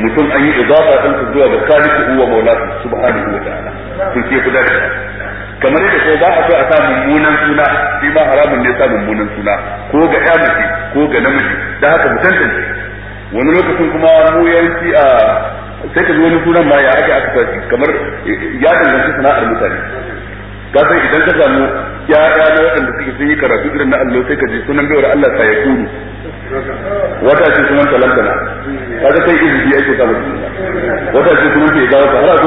S1: mutum an yi idafa ɗan su zuwa ga khaliqu huwa maulahu subhanahu wa ta'ala to ke ku dace kamar yadda ko ba a so a sa mummunan suna shi ba haramun ne sa mummunan suna ko ga ya mace ko ga namiji da haka mu tantance wani lokacin kuma mu yanki a sai ka zo wani sunan ma ya ake aka kamar ya danganci sana'ar mutane ka san idan ka samu ya'ya na waɗanda suke sun yi karatu irin na allo sai ka ji sunan baiwar Allah ta ya kuru wata ce sunan talantana kaga ga kai izini ake samun mutum
S2: wata ce sunan ke ga wata har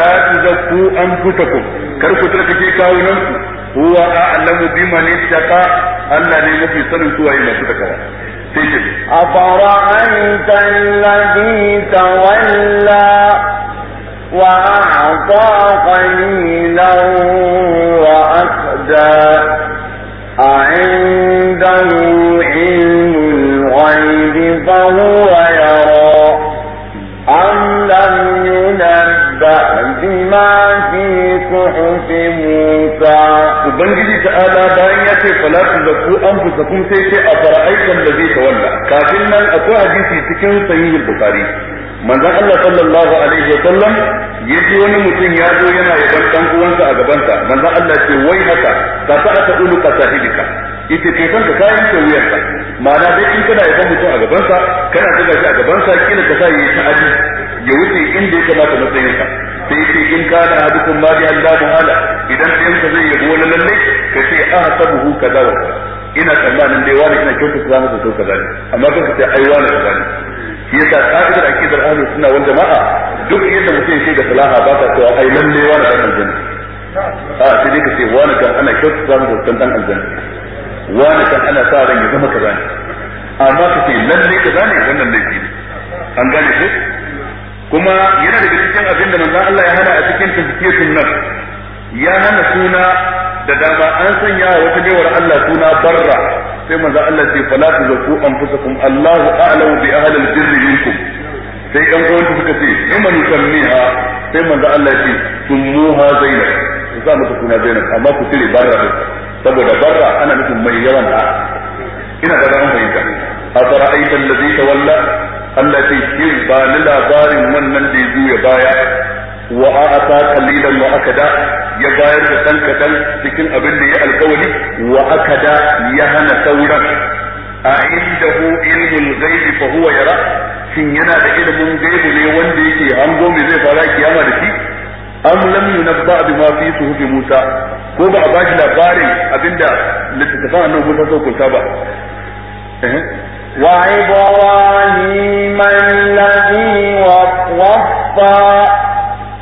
S1: a ku an kusa ku kar ku tsarkake kawunan ku huwa a'lamu ta ka Allah ne mafi sanin suwaye masu takawa أفرأيت الذي
S3: تولى وأعطى قليلا وأخدى أعنده علم الغيب فهو يرى أم لم ينبأ بما في صحف
S1: موسى Ubangiji ta'ala bayan ya ce falatu da ku an fusakum sai ce a fara'aikan da zai tawalla kafin nan akwai hadisi cikin sahihul Bukhari manzon Allah sallallahu alaihi wa sallam yaji wani mutum ya zo yana yaban dan uwansa a gabansa manzon Allah ce wai haka ka ta ta ulu ka sahibika ita ce kanka ka yanke wuyarka ma'ana dai in kana yaban mutum a gabansa kana zuga shi a gabansa kila ka sa yi ta'adi ya wuce inda ya kamata matsayinka sai ce in kana hadukum ma bi Allah muhala idan sai ka zai yabo wani lalle ka ce ahsabuhu kaza wa ina tsammanin dai wani ina kyautata masa to kaza ne amma kanka sai aiwa na kaza shi yasa kafidar akidar ahlus sunna wal jama'a duk yadda mutum yake da salaha ba ka cewa ai lalle wani dan aljanna a sai dai ka ce wani kan ana kyautu samu hoton dan aljanna wani kan ana sa ran ya zama kaza ne amma ka ce lalle kaza ne wannan laifi ne an gane ko kuma yana daga cikin abin da manzon Allah ya hana a cikin tafsirin nan ya hana suna da dama an sanya wa wata baiwar Allah suna barra sai manzo Allah ce fala tuzaku anfusakum Allahu a'lamu bi ahli al-birri minkum sai yan uwan suka ce iman sammiha sai manzo Allah ce summuha zainab za mu suna zainab amma ku tire barra saboda barra ana nufin mai yawan ta ina da ran fahimta a tsara fara'aita allazi tawalla allati in ba ni labarin wannan da ya baya wa a'ata qalilan wa akada ya bayar da dan kadan cikin abin da ya alkawari wa akada ya hana sauran a indahu ilmul ghaib fa huwa yara shin yana da ilimin gaibu ne wanda yake hango me zai fara kiyama da shi am lam yunabba bima fi suhufi musa ko ba a ba shi labarin abinda littattafan annabi musa sau kunta ba وإبراهيم الذي
S3: وفى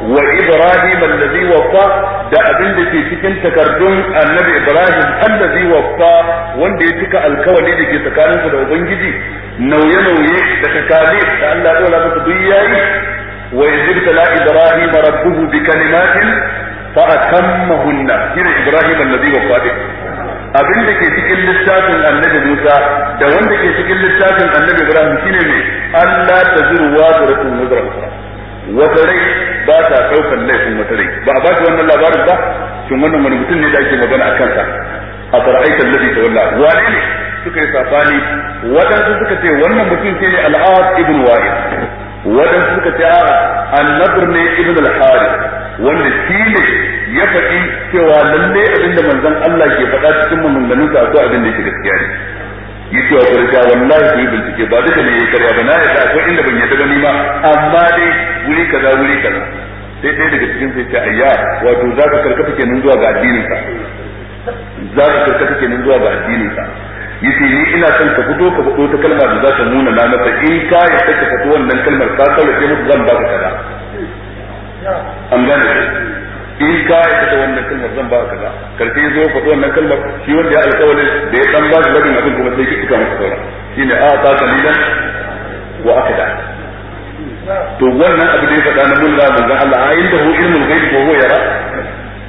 S1: wa ibrahim allazi waffa da abin da ke cikin takardun annabi ibrahim allazi waffa wanda ya cika alkawari da ke tsakaninsa da ubangiji nauye-nauye da takalif da Allah ya dora masa duk yayi wa yajibtala ibrahim rabbuhu bi kalimatin fa atammahunna shine ibrahim allazi waffa abin da ke cikin littafin annabi Musa da wanda ke cikin littafin annabi Ibrahim shine ne Allah ta zuru wa zuratun wata rai ba ta daukan laifin wata rai ba a ba shi wannan labarin ba shin wannan wani mutum ne da ake magana a kansa a fara'aitan ladi ta wallah wane ne suka yi safani waɗansu suka ce wannan mutum ce ne al'ad ibn wa'id waɗansu suka ce a ne ibn al wanda shi ne ya faɗi cewa lalle abinda manzon Allah ke faɗa cikin maganganunsa ko abin da yake gaskiya ne yace wa kurja wallahi sai bincike ba duka ne karya ba na yasa akwai inda ban yadda gani ma amma dai wuri kaza wuri kaza sai dai daga cikin sai ce ayya wato za ka karkata kenan zuwa ga addinin ka za ka karkata kenan zuwa ga addinin ka yace ni ina son ka fito ka fito ta kalmar da za ta nuna na maka in ka yadda ka fito wannan kalmar ka kaurace musu zan ba ka kaza
S2: an gane
S1: in ka yi ta wannan kalmar zan ba ka kaza karfi zo faɗi wannan kalmar shi wanda ya alƙawarin da ya san ba shi labin abin kuma sai ki tuka masa sauran ne a ta kalilan wa akada to wannan abu da ya faɗa na mulla manzon Allah ayin da hu ilmul ghaib ko yara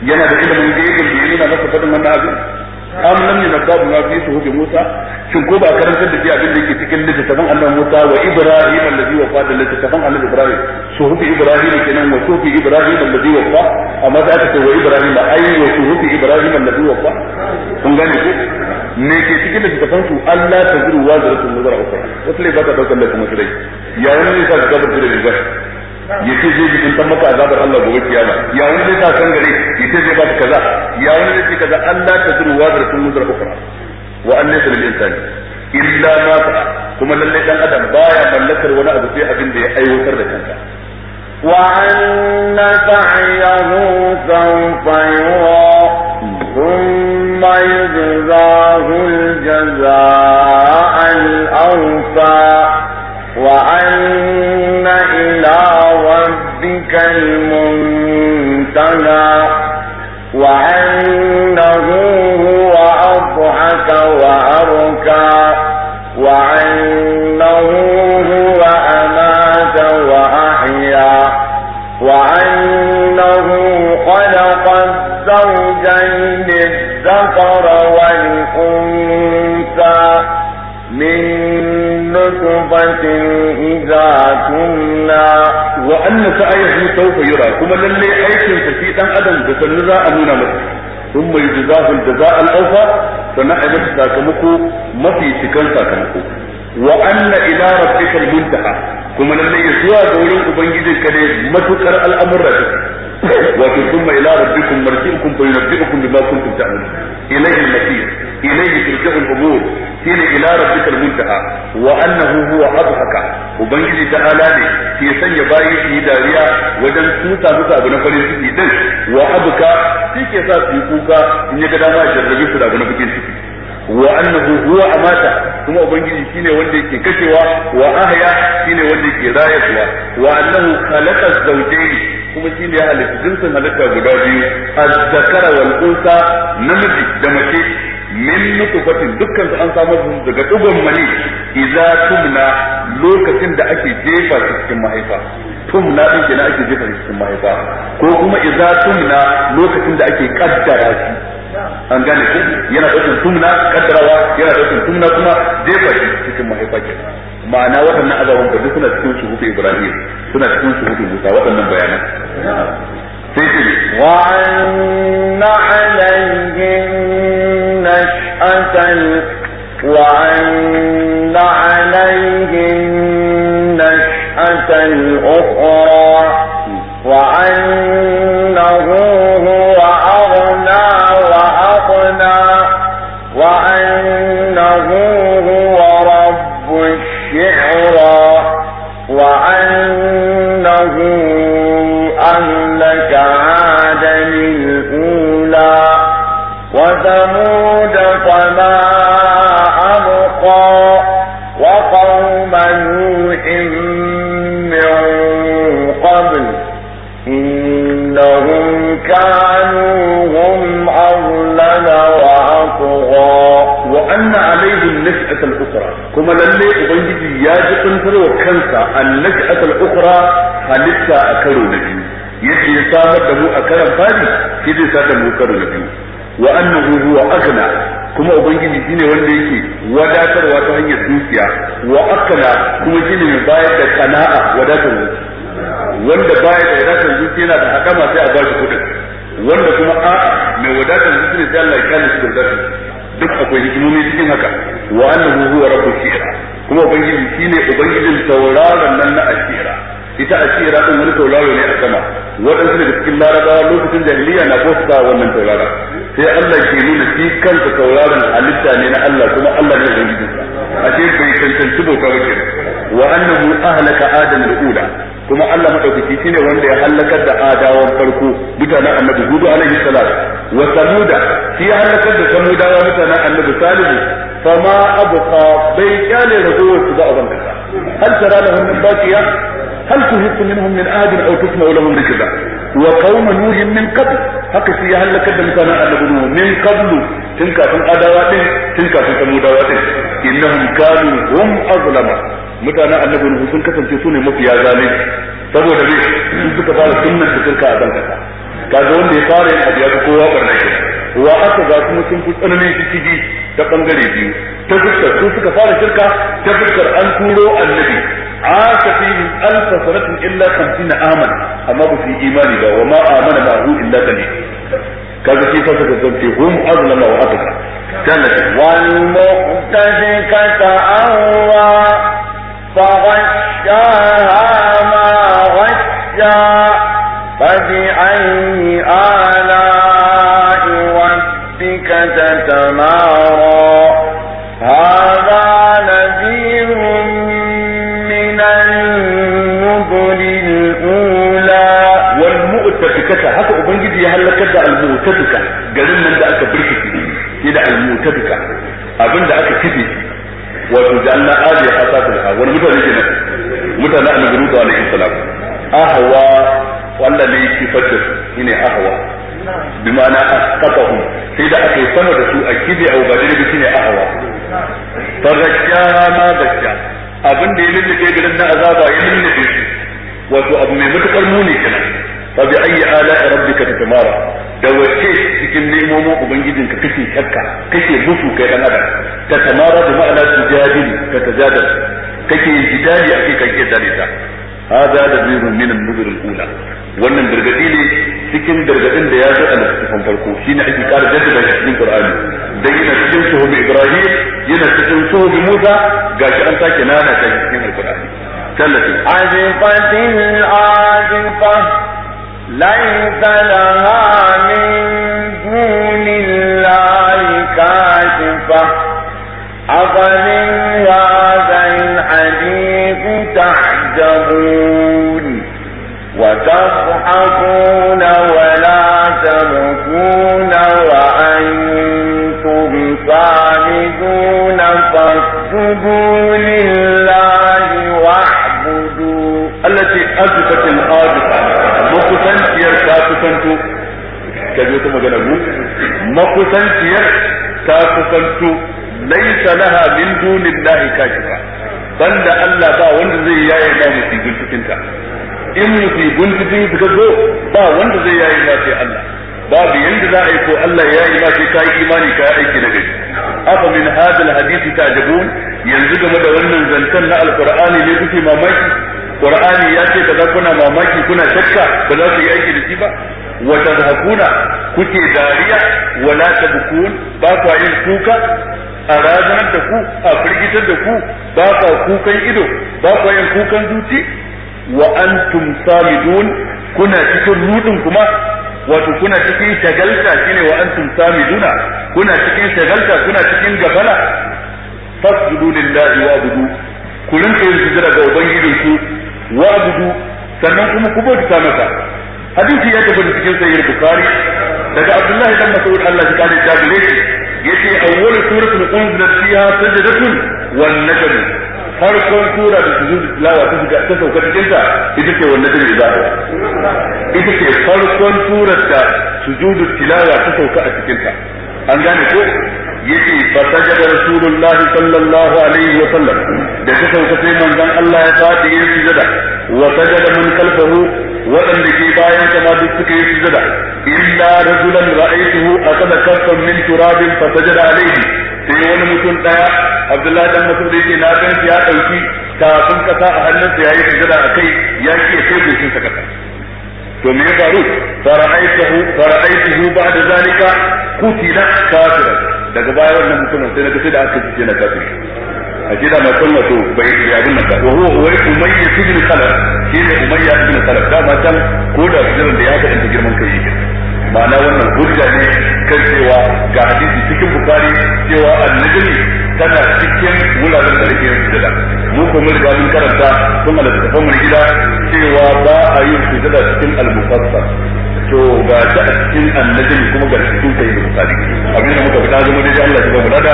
S1: yana da ilimin ghaibin da ya nuna masa faɗin wannan abin am lam yunabbu ma fi suhuf Musa shin ko ba karantar da shi abin da yake cikin littafin Allah Musa wa Ibrahim alladhi wafa da littafin Allah Ibrahim suhuf Ibrahim kenan wa suhuf Ibrahim alladhi wafa amma za ka ce wa Ibrahim ai wa suhuf Ibrahim alladhi wafa
S2: kun gane ko ne
S1: ke cikin littafin su Allah ta zuru wa zaratun nazara ukra wasu lai ba daukar da kuma tsirai ya wani ne sa ka gabar da rigar ya ce zai jikin san maka azabar Allah gobe kiyama ya wani zai sa san gare ya ce zai baka kaza ya wani zai ce kaza Allah ta zuru wa zarfin muzar ukra wa an laysa lil insani illa ma kuma lalle dan adam baya mallakar wani abu sai abin da ya aiwatar da kansa
S3: وأن سعيه سوف يرى ثم يجزاه الجزاء الأوفى وأن المنتهى وأنه
S1: anna sa'ayahu sawfa yura kuma lalle aikin sa fi dan adam da sanin za a nuna masa thumma yujzahu al-jazaa al-awfa sana'a a masa sakamako mafi cikan sakamako wa anna ila rabbika al-muntaha kuma lalle zuwa ga wurin ubangijin ka ne matukar al'amuran da wato thumma ila rabbikum marji'ukum fa yunabbi'ukum bima kuntum ta'malun ilayhi al-masir ilayhi turja'ul umur shine ila rabbikal muntaha wa annahu huwa adhaka ubangiji ta ala ne ke sanya bayi su dariya wajen tuta musu abu na farin ciki din wa abuka shi ke su yi kuka in ya ga dama jarrabe su da abu na farin ciki wa annahu huwa amata kuma ubangiji shine wanda yake kashewa wa ahya shine wanda yake kuma shi ne halitta jinsin halitta guda biyu a wal unsa namiji da mace min nutfatin dukkan su an samar su daga dugon mani idza tumna lokacin da ake jefa su cikin mahaifa tumna din kenan ake jefa su cikin mahaifa ko kuma idza tumna lokacin da ake kaddara shi an gane shi yana daukan tumna kaddarawa yana daukan tumna kuma jefa shi cikin mahaifa kenan ma'ana waɗannan azaban ba duk suna cikin shuhufi Ibrahim suna cikin shuhufi Musa waɗannan bayanan sai ce wa'anna alaihim
S3: أتت وأن عليهم نشأة الأخرى
S1: anna alayhi an al-ukhra kuma lalle ubangiji ya ji kuntarwa kansa an-nash'at al-ukhra halitta a karo na biyu yace ya samar da mu a karan fari shi zai sa da mu karo na biyu wa annahu huwa aghna kuma ubangiji shine wanda yake wadatarwa ta hanyar dukiya wa akala kuma shine mai bayar da sana'a wadatar wanda baya da wadatar zuciya yana da hakama sai a ba shi kudin wanda kuma a'a mai wadatar zuciya sai Allah ya kalle shi da wadatar duk akwai hikimomi cikin haka wa annahu huwa rabbul shi'ra kuma ubangiji shine ubangijin tauraron nan na ashira ita ashira din wani tauraro ne a sama ne da cikin larabawa lokacin jahiliya na kosta wannan tauraron sai Allah ke nuna shi kansa tauraron halitta ne na Allah kuma Allah ne ubangijinsa ashe bai cancanci bauta ba kenan wa annahu ahlaka adam da ula kuma Allah madaukaki shine wanda ya halakar da adawan farko mutanen annabi hudu alaihi salam wa samuda shi ya halakar da samuda wa mutanen annabi salihu ma abqa bai kyale ragowar su da a bankasa hal tara lahum min baqiya hal هل تهب منهم من آد أو تسمع لهم wa وقوم nuh min qabl haka shi ya halakar da mutanen annabi nuh min qablu tun kafin adawa din tun kafin samudawa din innahum kanu hum azlama mutanen annabi nuhu sun kasance su ne mafiya zalunci saboda ne su suka fara sunnan da shirka a banka kaga wanda ya fara yin abu ya kowa barna ke wa aka ga kuma sun fi tsananin shishigi ta bangare biyu ta fuskar su suka fara shirka ta fuskar an turo annabi aka fi alfa sanatin illa kamfina aman amma ba su yi imani ba wa ma amana ma'ahu illa qalil kaga shi fa suka zance hum azlama wa ataka kana wal mu'tadika ta'awwa
S3: فغشاها ما غشا فبأي آلاء ربك تتمارى هذا نذير
S1: من النذر الأولى والمؤتفكة هكا أبنجد يهلك المؤتفكة قالوا من ذا أكبرك إلى المؤتفكة أبن ذا أكبرك wato ja'alna ali hasafiha wani mutane ke nan mutane annabi lutu alaihi salam ahwa wanda ne yake fadda shine ahwa bi ma'ana asqatahum sai da aka yi sama da su a kibi a ubadin da shine ahwa farajjaha ma zakka abin da ya lullube gidan na azaba ya lullube shi wato abu mai matukar muni kenan fa bi ayyi ala rabbika tatamara da wace cikin nemomin ubangijin ka kake shakka kake musu kai dan adam ta tamara da ma'ana tujadili ka tajadal kake jidali a kai kake dalita hada da biyu min an-nuzur al-ula wannan gargadi ne cikin gargadin da ya zo a littafin farko shine ake ƙara jaddada shi cikin Qur'ani dan yana cikin suhuf Ibrahim yana cikin suhuf Musa gashi an sake nana ta
S3: cikin Al-Qur'ani tallafi azifat al-azifah ليس لها من دون الله كاشفة أفمن هذا الحديث تحجبون وتضحكون ولا تبكون وأنتم صامدون فاسجدوا لله
S1: kusanto ka je ta gana mu makusanciyar ta kusanto laisa laha min dunillahi kashifa banda Allah ba wanda zai yaye da musibin cikin ta in musibin cikin suka zo ba wanda zai yaye na sai Allah babu yanda za a yi ko Allah ya yi ma sai ka yi imani ka yi aiki da gari afa min hadal hadisi ta jabun yanzu game da wannan zantan na alqur'ani ne kuke mamaki qur'ani ya ce kaza kuna mamaki kuna shakka ba za ku yi aiki da shi ba wa tadhakuna kuke dariya wa la tabkun ba ku yin kuka a razanar da ku a firgitar da ku ba ku kukan ido ba ku yin kukan zuci wa antum samidun kuna cikin rudin kuma wato kuna cikin shagalta shine wa antum samiduna kuna cikin shagalta kuna cikin gafala fasjudu lillahi wa abudu ku rinka yin sujada ga ubangijin ku wajibu sannan kuma ku bauta masa hadisi ya tabbata cikin sayyid bukhari daga abdullahi dan mas'ud Allah ya kare ta gare shi yace awwal suratul unzilat fiha sajdatun wan najm har kun tura da sujud tilawa ta shiga ta sauka cikin ta ita ce wannan najm da ita ce kun tura da sujud tilawa ta sauka a cikin ta an gane ko yace fa sajada rasulullah sallallahu alaihi wa sallam da ta sauka sai manzon Allah ya fadi yin sujada wa sajada man kalfahu waɗanda ke bayan sa ma duk suka yi sujada illa rajulan ra'aytuhu akala kaffan min turabin fa sajada alaihi sai wani mutum daya Abdullahi dan Mas'ud yake na ganci ya dauki kafin kasa a hannunsa yayi sujada akai ya ke sai gushin sa kasa to me ya faru fara'aitahu fara'aitahu ba'da zalika kutila kafira daga baya wannan mutumin sai naga sai da aka ji na kafiri a jira mai kun wato bai yi abin nan ba wa huwa wai umayya ibn khalaf shi ne umayya ibn khalaf da ma can ko da jiran da ya ka danta girman kai yake ma'ana wannan hujja ne kan cewa ga hadisi cikin bukari cewa annabi tana cikin wuraren da rikin yin sujada mu ko mun riga mun karanta sun halatta kafan mu gida cewa ba a yi sujada cikin al-mufassal to ga ta a cikin annabi kuma ga cikin sai da misali abin da muka fada zama dai Allah ya ba mu dada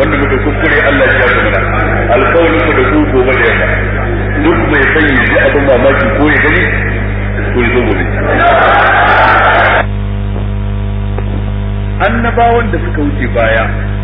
S1: wanda muka kuskure Allah ya ba mu dada alƙawarin ku da ku gobe da yamma duk mai sanya ji abin mamaki ko ya gani ko ya zo gobe
S4: annabawan da suka wuce baya